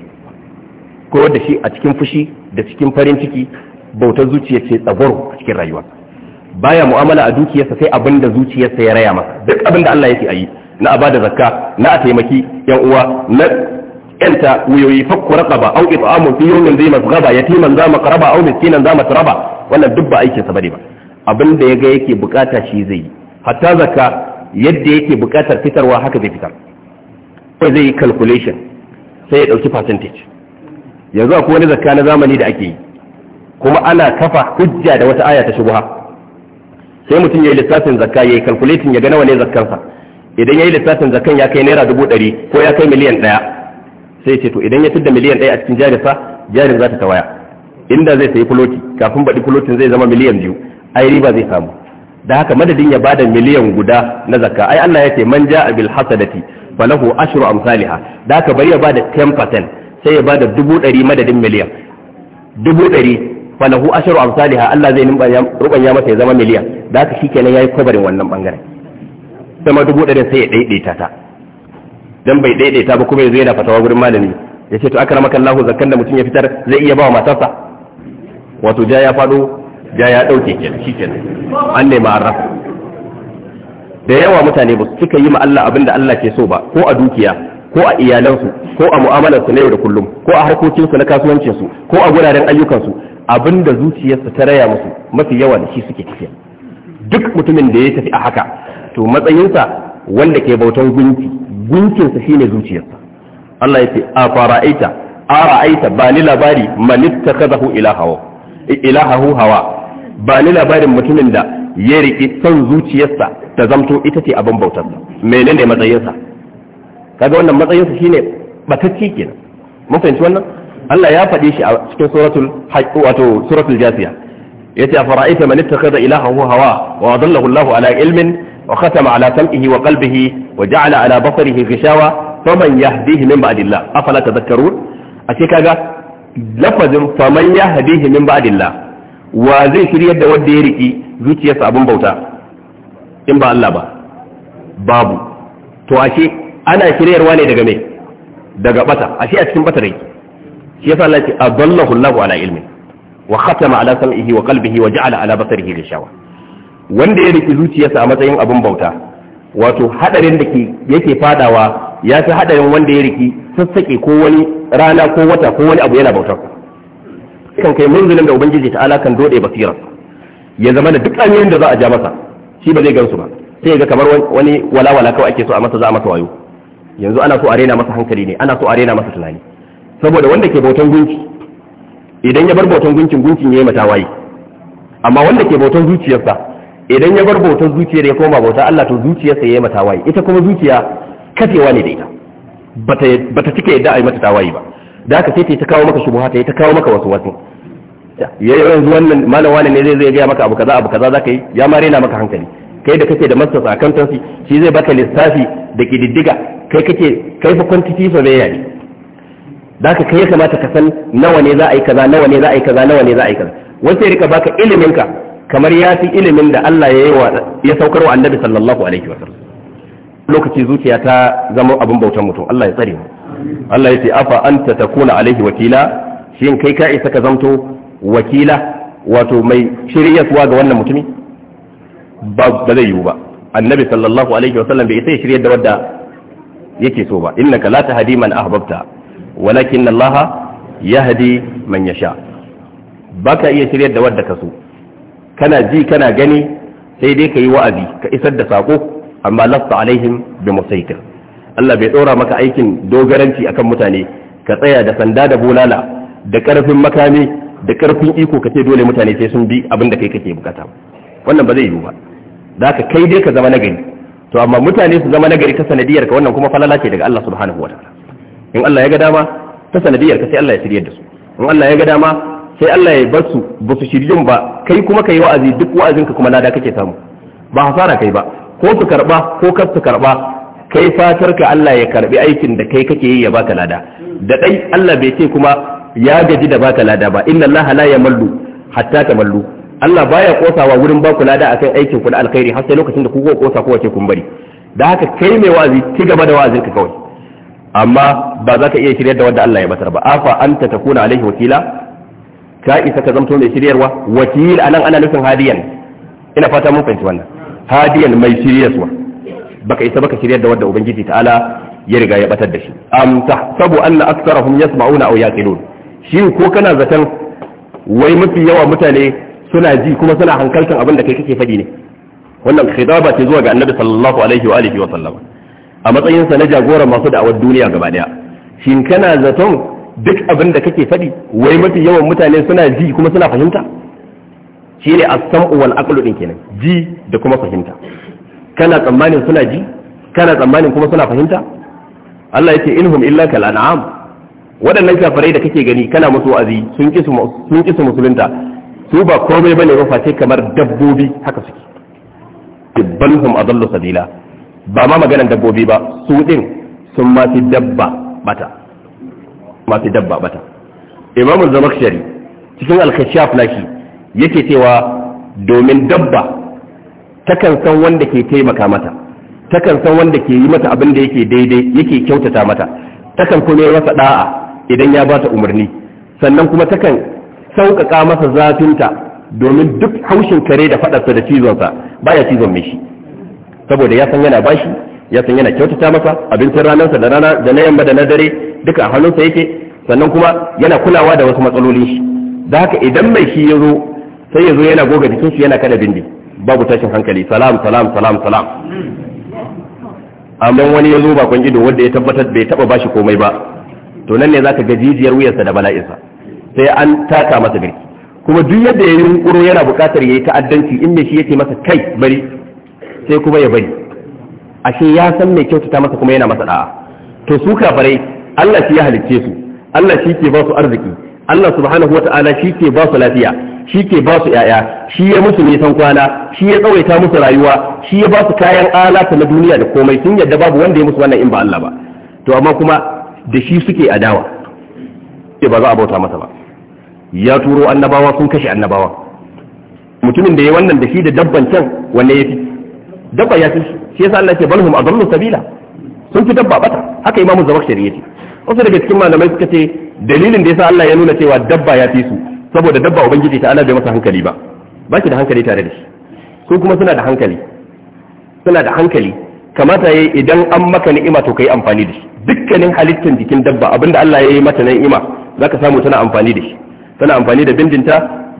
ko da shi a cikin fushi da cikin farin ciki bautar zuciyar ce tsagwaro a cikin rayuwa baya mu'amala a dukiyarsa sai abin da zuciyarsa ya raya masa duk abin da Allah yake a yi na a zakka na a taimaki yan uwa na yanta wuyoyi fakku raqaba au it'amu fi yawmin zai masghaba yatiman za maqraba au miskinan za matraba wannan duk ba aikin sa bane ba abin da yaga yake bukata shi zai yi hatta zakka yadda yake bukatar fitarwa haka zai fitar ko zai yi calculation sai ya dauki percentage yanzu akwai wani zakka na zamani da ake yi kuma ana kafa hujja da wata aya ta shubha sai mutum yayi lissafin zakka yayi calculating ya ga nawa ne zakkansa idan yayi lissafin zakkan ya kai naira dubu ɗari ko ya kai miliyan ɗaya sai ce to idan ya fidda miliyan ɗaya a cikin jarinsa jarin za ta tawaya inda zai sayi fuloti kafin baɗi fulotin zai zama miliyan biyu ai riba zai samu da haka madadin ya bada miliyan guda na zakka ai Allah ya ce man ja abil hasadati falahu ashru amsalha da haka bari ya bada 10% sai ya bada dubu ɗari madadin miliyan dubu ɗari falahu ashru amsalha Allah zai rubanya masa ya zama miliyan da haka shikenan yayi kwabarin wannan bangaren sama dubu ɗari sai ya daidaita ta dan bai daidaita ba kuma yanzu yana fatawa gurin malami ya ce to akramaka Allah zakkan da mutum ya fitar zai iya ba wa matarsa wato ja ya fado ja ya dauke kenan shikenan an nema arraf da yawa mutane ba su cika yi ma Allah abin da Allah ke so ba ko a dukiya ko a iyalansu ko a mu'amalarsu na yau da kullum ko a harkokinsu na kasuwancinsu ko a guraren ayyukansu abin da zuciyarsu ta raya musu mafi yawa da shi suke tafiya duk mutumin da ya tafi a haka to matsayinsa wanda ke bautan gunki gunkinsa shine zuciyarsa Allah ya ce a fara'aita a ra'aita ba ni labari man ittakhadahu ilahahu ilahahu hawa ba ni labarin mutumin da ya riki son zuciyarsa ta zamto ita ce abin bautarsa menene matsayinsa kaga wannan matsayinsa shine batacci kenan mun fahimci wannan Allah ya faɗi shi a cikin suratul haqq wato suratul jasiya yace a fara'aita man ittakhadha ilahahu hawa wa adallahu Allahu ala ilmin وختم على سمعه وقلبه وجعل على بصره غشاوة فمن يهديه من بعد الله أفلا تذكرون أشيكا لفظ فمن يهديه من بعد الله وزي شريد دا ودي ركي زوتي يسعبون بوتا إن با الله با بابو تو أشي أنا شرير واني دا جميل دا بطا أشي أشكين بطا ركي شيخ الله أضله الله على علمه وختم على سمعه وقلبه وجعل على بصره غشاوة wanda ya riki zuciyarsa a matsayin abin bauta wato hadarin da yake fadawa ya fi hadarin wanda ya riki sassaƙe ko wani rana ko wata ko wani abu yana bautar kan kai munzulin da ubangiji ta'ala kan dode basirar ya zama da duk hanyoyin da za a ja masa shi ba zai gansu ba sai ga kamar wani walawala kawai ake so a masa za a masa wayo yanzu ana so a rena masa hankali ne ana so a rena masa tunani saboda wanda ke bautan gunki idan ya bar bautan gunkin gunkin ya yi mata waye amma wanda ke bautan zuciyarsa idan ya bar bautan zuciyar ya koma bauta Allah to sai ya yi mata waye ita kuma zuciya kafewa ne da ita bata cika yadda ai mata tawayi ba da haka sai ta kawo maka shubuha ta ta kawo maka wasu wasu ya yi yanzu wannan malam wani ne zai zai gaya maka abu kaza abu kaza zaka yi ya ma rena maka hankali kai da kake da masters accountancy shi zai baka lissafi da kididdiga kai kake kai fa quantity surveyor ne da haka kai ya kamata ka san nawa ne za a yi kaza nawa ne za a yi kaza nawa ne za a yi kaza wani sai rika baka ilimin ka kamar ya fi ilimin da Allah ya yi saukar wa annabi sallallahu alaihi wa sallam lokaci zuciya ta zama abin bautan mutum Allah ya tsare mu Allah ya ce afa anta takuna alaihi wakila shin kai ka isa ka zamto wakila wato mai shiryaswa ga wannan mutumi ba zai yiwu ba annabi sallallahu alaihi wa sallam bai isa ya shiryar da wadda yake so ba innaka la tahdi man ahbabta walakin Allah yahdi man yasha baka iya shiryar da wadda ka so kana ji kana gani sai dai ka yi wa'azi ka isar da sako amma lasta alaihim bi musaitir Allah bai ɗora maka aikin dogaranci akan mutane ka tsaya da sanda da bulala da ƙarfin makami da ƙarfin iko ka ce dole mutane sai sun bi abin da kai kake bukata wannan ba zai yiwu ba da ka kai dai ka zama nagari to amma mutane su zama nagari ta sanadiyar ka wannan kuma falala ce daga Allah subhanahu wataala in Allah ya ga dama ta sanadiyar ka sai Allah ya shiryar da su in Allah ya ga dama sai Allah ya bar su ba su shiryun ba kai kuma ka yi wa'azi duk ka kuma lada kake samu ba hasara kai ba ko su karba ko kar su karba kai fatar ka Allah ya karbi aikin da kai kake yi ya baka lada da dai Allah bai ce kuma ya gaji da baka lada ba inna Allah la yamallu hatta tamallu Allah baya kosawa wurin ku lada akan aikin ku da alkhairi har sai lokacin da ku ko kosa ko wace kun bari da haka kai mai wa'azi ci gaba da ka kawai amma ba za ka iya shirya da wanda Allah ya batar ba afa anta takuna alaihi wakila ka isa ka zamto mai shiryarwa wakil anan ana nufin hadiyan ina fata mun fahimci wannan hadiyan mai shiryarwa baka isa baka shiryar da wanda ubangiji ta'ala ya riga ya batar da shi am tahsabu anna aktsarahum yasma'una aw yaqilun shi ko kana zaton wai mafi yawa mutane suna ji kuma suna hankaltan abin da kai kake faɗi ne wannan khidaba ce zuwa ga annabi sallallahu alaihi wa alihi wa sallama a matsayinsa na jagoran masu da'awar duniya gaba daya shin kana zaton duk abin da kake faɗi wai mafi yawan mutane suna ji kuma suna fahimta shi ne a san uwan aqlu ɗin kenan ji da kuma fahimta kana tsammanin suna ji kana tsammanin kuma suna fahimta Allah yake inhum illa kal an'am waɗannan kafirai da kake gani kana musu wa'azi sun kisu sun kisu musulunta su ba komai bane ba face kamar dabbobi haka suke balhum adallu sabila ba ma maganar dabbobi ba su din sun ma fi dabba bata masu dabba bata imamu zamakshari cikin alkashaf nashi yake cewa domin dabba takan san wanda ke taimaka mata takan san wanda ke yi mata abin da yake daidai yake kyautata mata takan kuma yi masa da'a idan ya bata umarni sannan kuma takan sauƙaƙa masa zafinta domin duk haushin kare da faɗarsa da cizonsa baya cizon mai shi saboda ya san yana bashi ya san yana kyautata masa abincin ranarsa da rana da na yamma da na dare duka a hannunsa yake sannan kuma yana kulawa da wasu matsalolin shi da haka idan mai shi ya zo sai ya zo yana goga jikin shi yana kada bindi babu tashin hankali salam salam salam salam amma wani ya zo bakon ido wanda ya tabbatar bai taba bashi komai ba to nan ne zaka ga jijiyar wuyarsa da bala'insa sai an taka masa girki kuma duk yadda ya yi yana buƙatar ya yi ta'addanci in shi yake masa kai bari sai kuma ya bari ashe ya san mai kyautata masa kuma yana masa da'a to su kafirai Allah shi ya halicce su Allah shi ke ba su arziki Allah subhanahu wata'ala shi ke ba su lafiya shi ke ba su yaya shi ya musu nisan kwana shi ya tsawaita musu rayuwa shi ya ba su kayan alata na duniya da komai sun yadda babu wanda ya musu wannan in ba Allah ba to amma kuma da shi suke adawa ke eh, ba za a bauta masa ba ya turo annabawa sun kashe annabawa mutumin da ya wannan da shi da dabban can wanne ya fi dabba ya fi shi yasa Allah ke balhum adallu sabila sun fi dabba bata haka imamu zamakshari ce wasu daga cikin malamai suka ce dalilin da yasa Allah ya nuna cewa dabba ya fi su saboda dabba ubangiji ta Allah bai masa hankali ba ba da hankali tare da shi su kuma suna da hankali suna da hankali kamata yayi idan an maka ni'ima to kai amfani da shi dukkanin halittar jikin dabba abinda Allah ya yi mata ni'ima zaka samu tana amfani da shi tana amfani da bindinta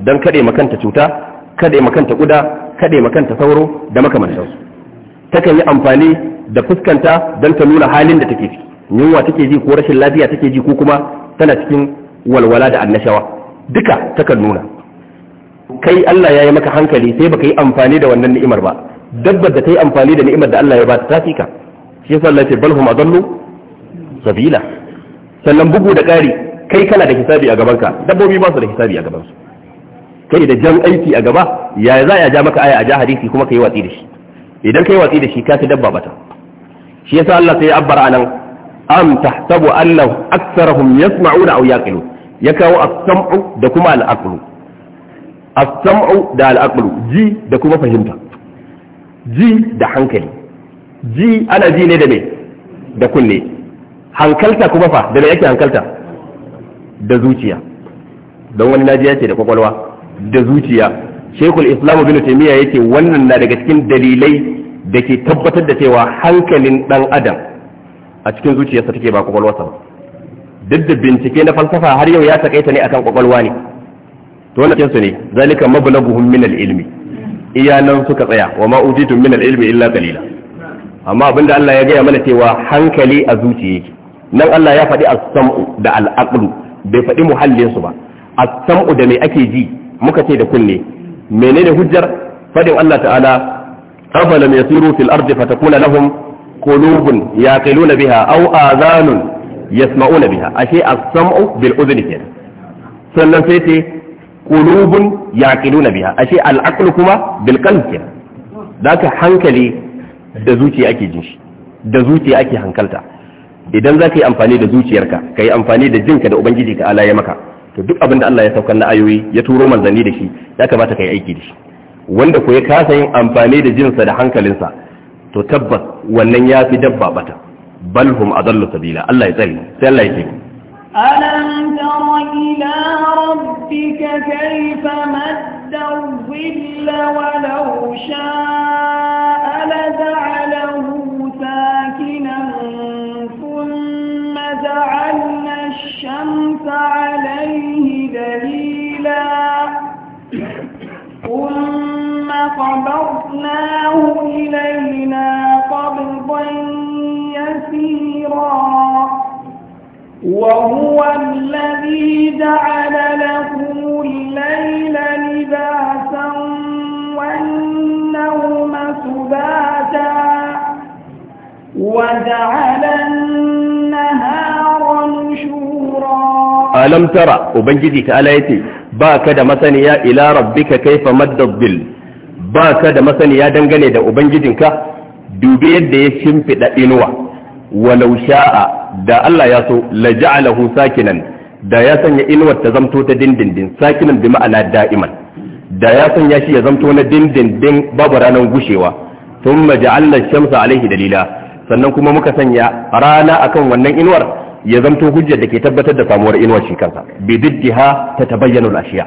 dan kade makanta cuta kade makanta kuda kaɗe ta sauro da makamantansu takan yi amfani da fuskanta don ta nuna halin da take ciki yunwa take ji ko rashin lafiya take ji ko kuma tana cikin walwala da annashawa duka takan nuna kai Allah ya yi maka hankali sai baka yi amfani da wannan ni'imar ba dabbar da ta yi amfani da ni'imar da Allah ya bata ta ka shi yasa Allah ya ce balhum adallu sabila sannan bugu da ƙari kai kana da hisabi a ka dabbobi ba su da hisabi a su. kai da jan aiki a gaba yaya za a ja maka aya a ja hadisi kuma ka yi watsi da shi idan ka yi watsi da shi ka ci dabba bata shi yasa Allah sai ya abbara anan am tahtabu annahu aktharuhum yasma'una aw yaqilu ya kawo as-sam'u da kuma al-aqlu as-sam'u da al-aqlu ji da kuma fahimta ji da hankali ji ana ji ne da me da kunne hankalta kuma fa da me yake hankalta da zuciya don wani naji ya ce da kwakwalwa da zuciya shekul islam bin taimiyya yake wannan na daga cikin dalilai da ke tabbatar da cewa hankalin dan adam a cikin zuciyarsa take ba kwakwalwarsa ba duk da bincike na falsafa har yau ya takaita ne akan kwakwalwa ne to wannan kinsu ne zalika mablaghuhum min al-ilmi iyanan suka tsaya wa ma utitu min al-ilmi illa qalila amma abinda Allah ya gaya mana cewa hankali a zuciya yake nan Allah ya faɗi as-sam'u da al-aqlu bai faɗi muhallin su ba as-sam'u da me ake ji muka ce da kunne menene hujjar fadin Allah ta'ala afalam yasiru fil ardi fatakuna lahum qulubun yaqiluna biha aw adhanun yasma'una biha ashe as-sam'u bil udhni kenan sannan sai ce qulubun yaqiluna biha ashe al-aql kuma bil qalb kenan daka hankali da zuciya ake jin shi da zuciya ake hankalta idan za ka yi amfani da zuciyarka ka yi amfani da jinka da ubangiji ka ala ya maka to duk abin da Allah ya saukar na ayoyi ya turo manzanni da shi ya kamata ka yi aiki da shi wanda ko ya kasa yin amfani da jinsa da hankalinsa to tabbas wannan ya fi dabba bata bal hum adallu sabila Allah ya tsare sai Allah ya ce alam tara ila rabbika kayfa madda dhilla wa law sha'a la الشمس عليه دليلا ثم قبضناه إلينا قبضا يسيرا وهو الذي جعل لكم الليل لباسا والنوم سباتا وجعل alam tara ubangiji ta ala yace ba ka da masaniya ila rabbika kaifa maddabil ba ka da masaniya dangane da ubangijinka dubi yadda ya shimfida inuwa walau sha'a da Allah ya so la ja'alahu sakinan da ya sanya inuwar ta zamto ta dindindin sakinan bi ma'ana da'iman da ya sanya shi ya zamto na dindindin babu ranar gushewa thumma ja'alna shamsa alaihi dalila sannan kuma muka sanya rana akan wannan inuwar ya zamto hujjar da ke tabbatar da samuwar inuwar shi kansa bi diddiha ta tabayyana al-ashiya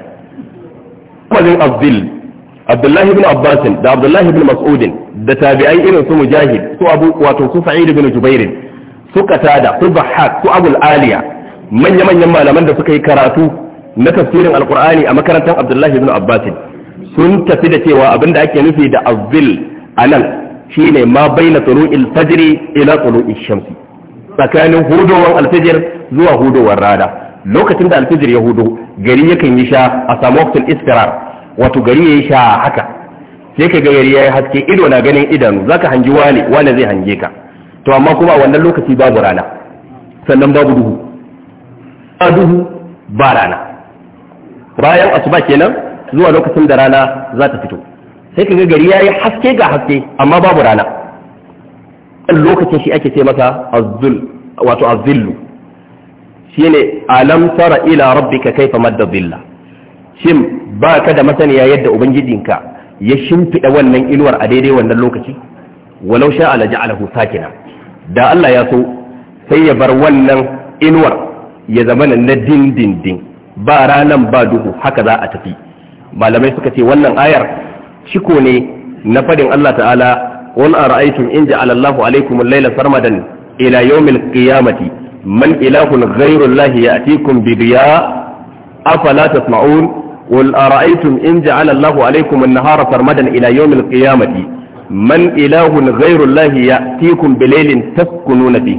qulin abdullahi ibn abbas da abdullahi ibn mas'ud da tabi'ai irin su mujahid su abu wato su sa'id ibn jubair su qatada su bahak su abul aliya manya manyan malaman da suka yi karatu na tafsirin alqur'ani a makarantar abdullahi ibn abbas sun tafi da cewa abinda ake nufi da a anan shine ma baina tulu'il fajri ila tulu'ish shamsi tsakanin hudowar alfijir zuwa hudowar rana lokacin da alfijir ya hudo gari yakan yi sha a samu waktun istirar wato gari ya yi sha haka sai ka gari ya yi haske ido na ganin idanu za ka hangi wane wane zai hange ka to amma kuma a wannan lokaci babu rana sannan babu duhu a duhu ba rana bayan asuba kenan zuwa lokacin da rana za ta fito sai ka gari ya yi haske ga haske amma babu rana lokacin shi ake ce masa azzul wato shi shine alam tara ila kai kaifa da zilla shin ba ka da masaniya yadda ubangijinka ya shimfiɗa wannan inuwar a daidai wannan lokaci walau sha ala Alahu sakina da Allah ya so sai ya bar wannan inuwar ya zama na dindindin ba ranan ba duhu haka za a tafi malamai suka ce wannan ayar ciko ne na faɗin Allah ta'ala قل أرأيتم إن جعل الله عليكم الليل سرمدا إلى يوم القيامة من إله غير الله يأتيكم بضياء أفلا تسمعون قل أرأيتم إن جعل الله عليكم النهار سرمدا إلى يوم القيامة من إله غير الله يأتيكم بليل تسكنون فيه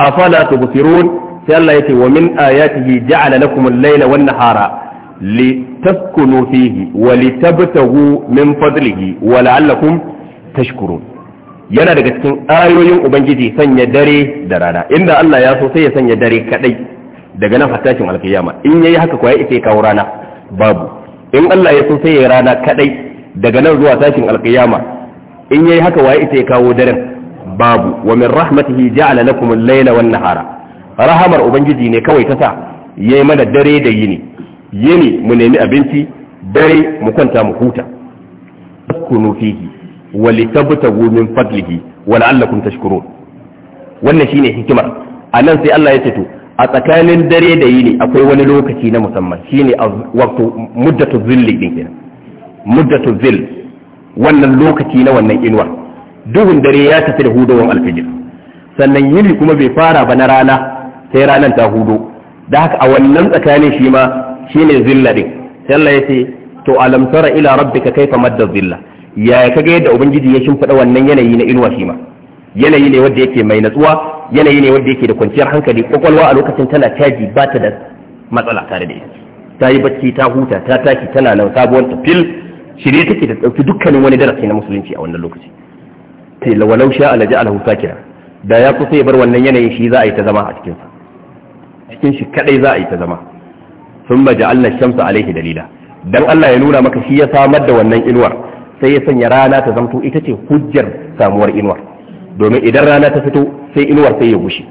أفلا تبصرون سألت ومن آياته جعل لكم الليل والنهار لتسكنوا فيه ولتبتغوا من فضله ولعلكم tashkurun yana daga cikin ayoyin ubangiji sanya dare da rana inda Allah ya so sai ya sanya dare kadai daga nan fatashin alkiyama in yayi haka ko ya ita kawo rana babu in Allah ya so sai ya rana kadai daga nan zuwa tashin alkiyama in yayi haka waye ita ya kawo daren babu wa min rahmatihi ja'ala lakum al-layla wan nahara rahamar ubangiji ne kawai ta sa yayi mana dare da yini yini mu nemi abinci dare mu kwanta mu huta kunu fihi wa litabtagu min fadlihi wa la'allakum tashkurun wannan shine hikimar nan sai Allah ya ce to a tsakanin dare da yini akwai wani lokaci na musamman shine waqtu muddatu zilli din kenan muddatu zill wannan lokaci na wannan inuwa duhun dare ya tafi da hudawan alfijir sannan yini kuma bai fara ba na rana sai ranar ta hudo da haka a wannan tsakanin shi ma shine zilla din sai Allah ya ce to alam tara ila rabbika kaifa madda zilla ya kaga yadda ubangiji ya shimfiɗa wannan yanayi na inuwa shi ma yanayi ne wanda yake mai natsuwa yanayi ne wanda yake da kwanciyar hankali kwakwalwa a lokacin tana caji ba ta da matsala tare da ita ta yi bacci ta huta ta tashi tana nan sabuwar ta fil shirye take ta ɗauki dukkanin wani darasi na musulunci a wannan lokaci sai lawalau sha alaji alahu sakira da ya kusa ya bar wannan yanayin shi za a yi ta zama a cikinsa cikin shi kadai za a yi ta zama sun maja Allah shamsa alaihi dalila dan Allah ya nuna maka shi ya samar da wannan inuwar sai ya sanya rana ta zamto ita ce hujjar samuwar inuwar domin idan rana ta fito sai inuwar sai ya gushe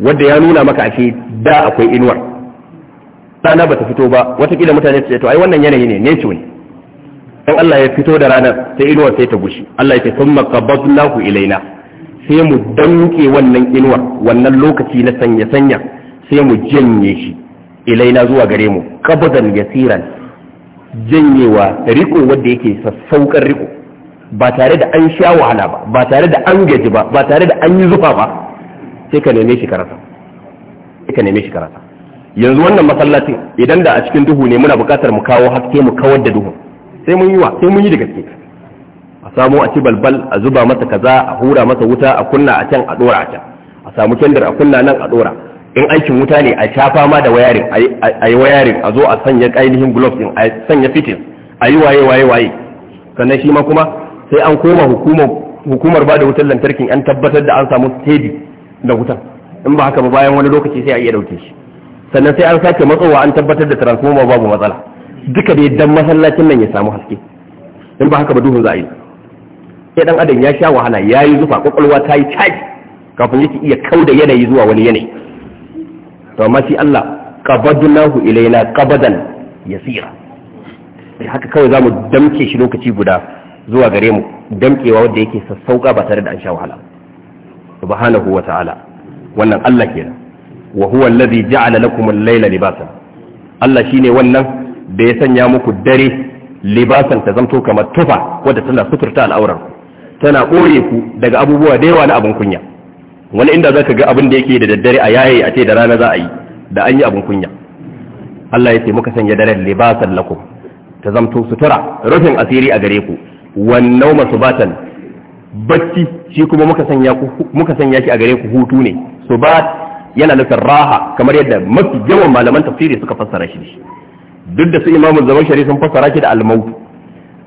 wanda ya nuna maka ake da akwai inuwar rana ba ta fito ba watakila mutane su ce to ai wannan yanayi ne ne ne dan Allah ya fito da ranar sai inuwar sai ta gushi Allah ya ce summa qabadnahu ilaina sai mu danke wannan inuwar wannan lokaci na sanya sanya sai mu janye shi ilaina zuwa gare mu qabdan yasiran janyewa riko wanda yake sassaukar riko ba tare da an sha wahala ba ba tare da an gaji ba ba tare da an yi zufa ba sai ka neme shi karasa sai ka neme shi karasa yanzu wannan masallacin idan da a cikin duhu ne muna buƙatar mu kawo haske mu kawar da duhu sai mun yi wa sai mun yi da gaske a samu a ci balbal a zuba masa kaza a hura masa wuta a kunna a can a dora a can a samu kendir a kunna nan a dora in aikin wuta ne a shafa fama da wayarin a yi wayarin a zo a sanya ainihin gloves din a sanya fitin a yi waye waye waye sannan shi ma kuma sai an koma hukumar ba da wutar lantarkin an tabbatar da an samu steady da wutar in ba haka ba bayan wani lokaci sai a iya dauke shi sannan sai an sake matsowa an tabbatar da transformer babu matsala duka dai dan masallacin nan ya samu haske in ba haka ba duhun za a yi sai dan adam ya sha wahala ya yi zufa kwakwalwa ta yi caji kafin yake iya kauda da yanayi zuwa wani yanayi to amma shi Allah qabadnahu ilaina qabadan yasira haka kawai zamu damke shi lokaci guda zuwa gare mu damkewa wanda yake sassauka ba tare da an sha wahala subhanahu wata'ala ta'ala wannan Allah kenan wa huwa alladhi ja'ala lakum al-layla libasan Allah shine wannan da ya sanya muku dare libasan ta zamto kamar tufa wadda tana suturta al'aurar tana kore ku daga abubuwa da yawa na abin kunya wani inda zaka ga abin da yake da daddare a yayi a ce da rana za a yi da an yi abin kunya Allah ya ce muka sanya daren libasan lakum ta zamto sutura rufin asiri a gare ku wannan batan bacci shi kuma muka sanya ku muka sanya shi a gare ku hutu ne subat yana nufin raha kamar yadda mafi yawan malaman tafsiri suka fassara shi duk da su imamu zaman shari sun fassara shi da almautu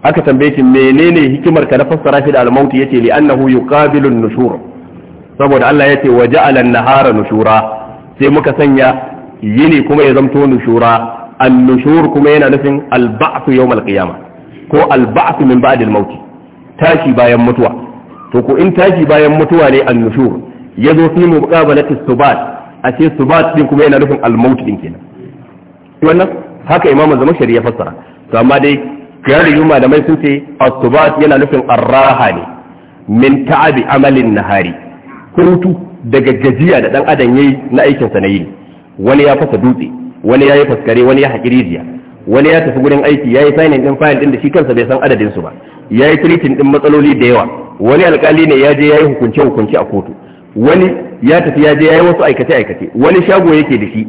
aka tambaye shi menene hikimar ka na fassara shi da almautu yace li annahu yuqabilu an-nushur saboda Allah ya ce wa ja'ala an-nahara nushura sai muka sanya yini kuma ya zamto nushura an-nushur kuma yana nufin al-ba'th yawm qiyama ko al-ba'th min ba'd al-maut tashi bayan mutuwa to ko in tashi bayan mutuwa ne an-nushur yazo fi muqabalati subat a ce subat din kuma yana nufin al-maut din kenan wannan haka imamu zamashari ya fassara to amma dai gari malamai sun ce as-subat yana nufin ar-raha ne min ta'abi amalin nahari hutu daga gajiya da dan adam yayi na aikin sa na yi wani ya fasa dutse wani ya yi faskare wani ya haƙi rijiya wani ya tafi gurin aiki ya yi sainin din fayil din da shi kansa bai san adadin su ba ya yi tiritin din matsaloli da yawa wani alkali ne ya je ya yi hukunce hukunce a kotu wani ya tafi ya je ya yi wasu aikace aikace wani shago yake da shi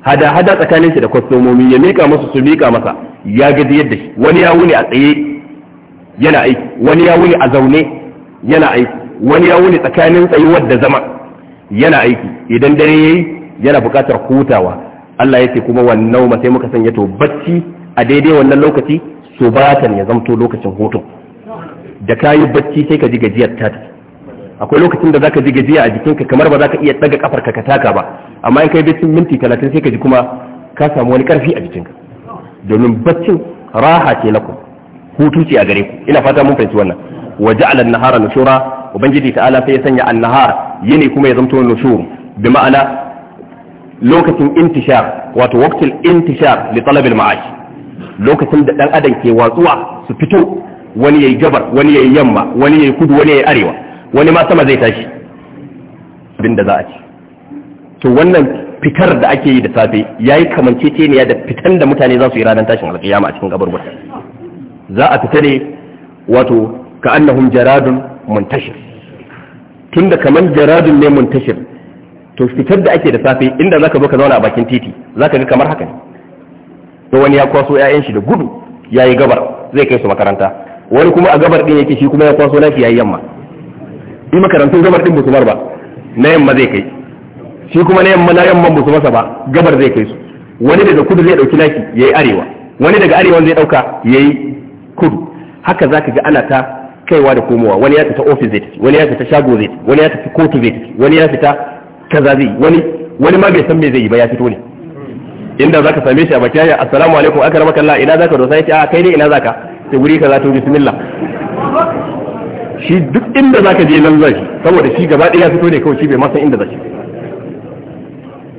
hada hada tsakanin shi da kwastomomi ya mika musu su mika masa ya gaji yadda shi wani ya wuni a tsaye yana aiki wani ya wuni a zaune yana aiki wani ya wuni tsakanin tsayuwar da zama yana aiki idan dare yayi yana buƙatar hutawa Allah yake kuma wannan ma sai muka sanya to bacci a daidai wannan lokaci so batan ya zamto lokacin hutun da kayi bacci sai ka ji gajiyar ta akwai lokacin da zaka ji gajiya a jikinka kamar ba zaka iya daga kafar ka taka ba amma in kai bacci minti 30 sai ka ji kuma ka samu wani karfi a jikinka domin baccin raha ce lakum hutu ce a gare ku ina fata mun fahimci wannan wa ja'ala nahara nushura ubangiji ta'ala sai ya sanya annahar yini kuma ya zamto nushur bi ma'ana lokacin intishar wato waqtul intishar li talab al ma'ash lokacin da dan adam ke watsuwa su fito wani yayi gabar wani yayi yamma wani yayi kudu wani yayi arewa wani ma sama zai tashi abinda za a ci to wannan fitar da ake yi da safe yayi kamanceceniya da fitan da mutane za su yi ranar tashin alƙiyama a cikin gabar za a fita ne wato ka annahum jaradun muntashir tunda kaman jaradun ne muntashir to fitar da ake da safe inda zaka zo ka zauna a bakin titi zaka ga kamar haka ne to wani ya kwaso ƴaƴan shi da gudu yayi gabar zai kai su makaranta wani kuma a gabar din yake shi kuma ya kwaso nashi yayi yamma in makarantun gabar din musu ba na yamma zai kai shi kuma na yamma na yamma musu masa ba gabar zai kai su wani daga kudu zai dauki nashi yayi arewa wani daga arewa zai dauka yayi kudu haka zaka ga ana ta kaiwa da komowa wani ya fita ofis zai tafi wani ya fita shago zai tafi wani ya fita kotu zai tafi wani ya fita kaza zai wani wani ma bai san me zai yi ba ya fito ne inda zaka same shi a baki ya assalamu alaikum akramaka Allah ina zaka dosa yace a kai ne ina zaka sai guri kaza to bismillah shi duk inda zaka je nan zai saboda shi gaba ɗaya ya fito ne kawai shi bai ma san inda zai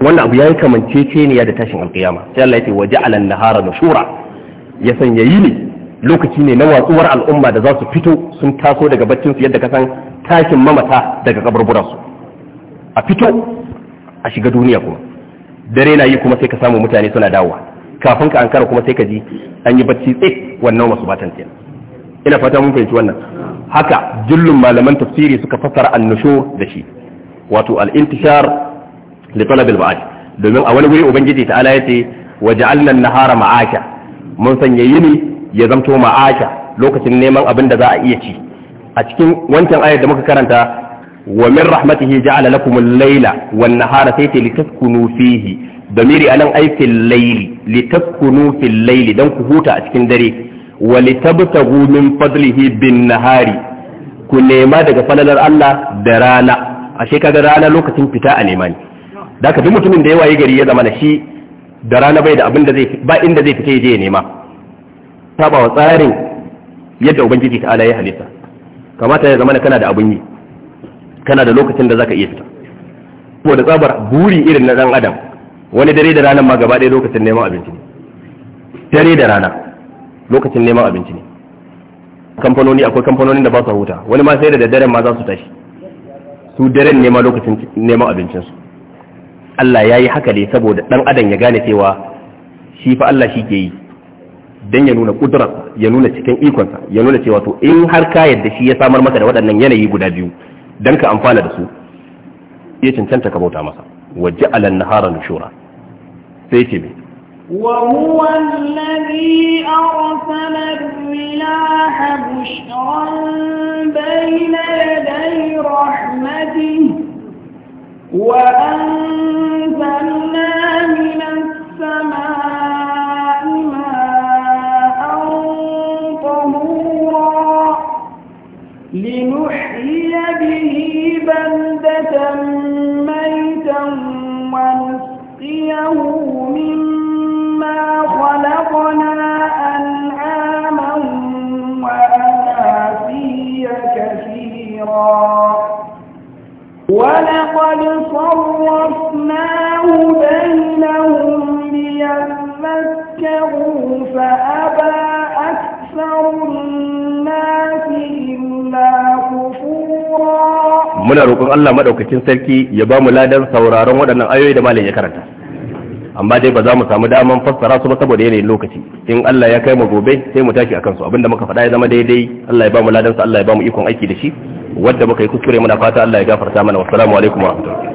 wannan abu yayi kamanceceniya da tashin alkiyama sai Allah ya ce waja'alan nahara nushura ya sanya yini lokaci ne na watsuwar al'umma da za su fito sun taso daga baccinsu yadda ka san tashin mamata daga kaburburansu a fito a shiga duniya kuma dare na yi kuma sai ka samu mutane suna dawowa kafin ka ankara kuma sai ka ji an yi bacci tsit wannan masu batan kenan ina fata mun fahimci wannan haka jullun malaman tafsiri suka fassara annusho da shi wato al-intishar li talab bad domin a wani wuri ubangiji ta'ala yace waja'alna an-nahara ma'asha mun sanya yini ya zamto ma'asha lokacin neman abin da za a iya ci a cikin wancan ayar da muka karanta wa min rahmatihi ja'ala lakum al layla wan nahara sai litaskunu fihi damiri anan ay fil layli litaskunu fil layli dan ku huta a cikin dare wa litabtagu min fadlihi bin nahari ku nema daga falalar Allah da rana ashe kaga rana lokacin fita a nema ne da duk mutumin da ya waye gari ya zama shi da rana bai da abin da zai ba inda zai fita ya je ya nema taba wa tsarin yadda ubangiji ta'ala ya halitta kamata ya zama kana da abun yi kana da lokacin da zaka iya fita ko da tsabar buri irin na dan adam wani dare da ranar ma gaba ɗaya lokacin neman abinci ne dare da rana lokacin neman abinci ne kamfanoni akwai kamfanonin da ba su huta wani ma sai da daddare ma za su tashi su daren nema lokacin neman abincinsu Allah ya yi haka ne saboda ɗan adam ya gane cewa shi fa Allah shi ke yi dan ya nuna ƙudurarsa ya nuna cikin ikonsa ya nuna cewa to in har ka yadda shi ya samar maka da waɗannan yanayi guda biyu dan ka amfana da su ya cancanta ka bauta masa wa ja'ala an-nahara nushura sai ce me وهو الذي أرسل الرياح بشرا بين يدي رحمته وأنزلنا من السماء لنحيي به بلدة ميتا ونسقيه مما خلقنا أنعاما وأناسيا كثيرا ولقد صرفناه بينهم ليذكروا فأبى أكثر الناس muna roƙon Allah maɗaukacin sarki ya ba mu ladan sauraron waɗannan ayoyi da malam ya karanta amma dai ba za mu samu daman fassara su ba saboda yanayin lokaci in Allah ya kai mu gobe sai mu tashi akan su abinda muka faɗa ya zama daidai Allah ya ba mu ladan sa Allah ya ba mu ikon aiki da shi wanda muka yi kuskure muna fata Allah ya gafarta mana wassalamu alaikum wa rahmatullahi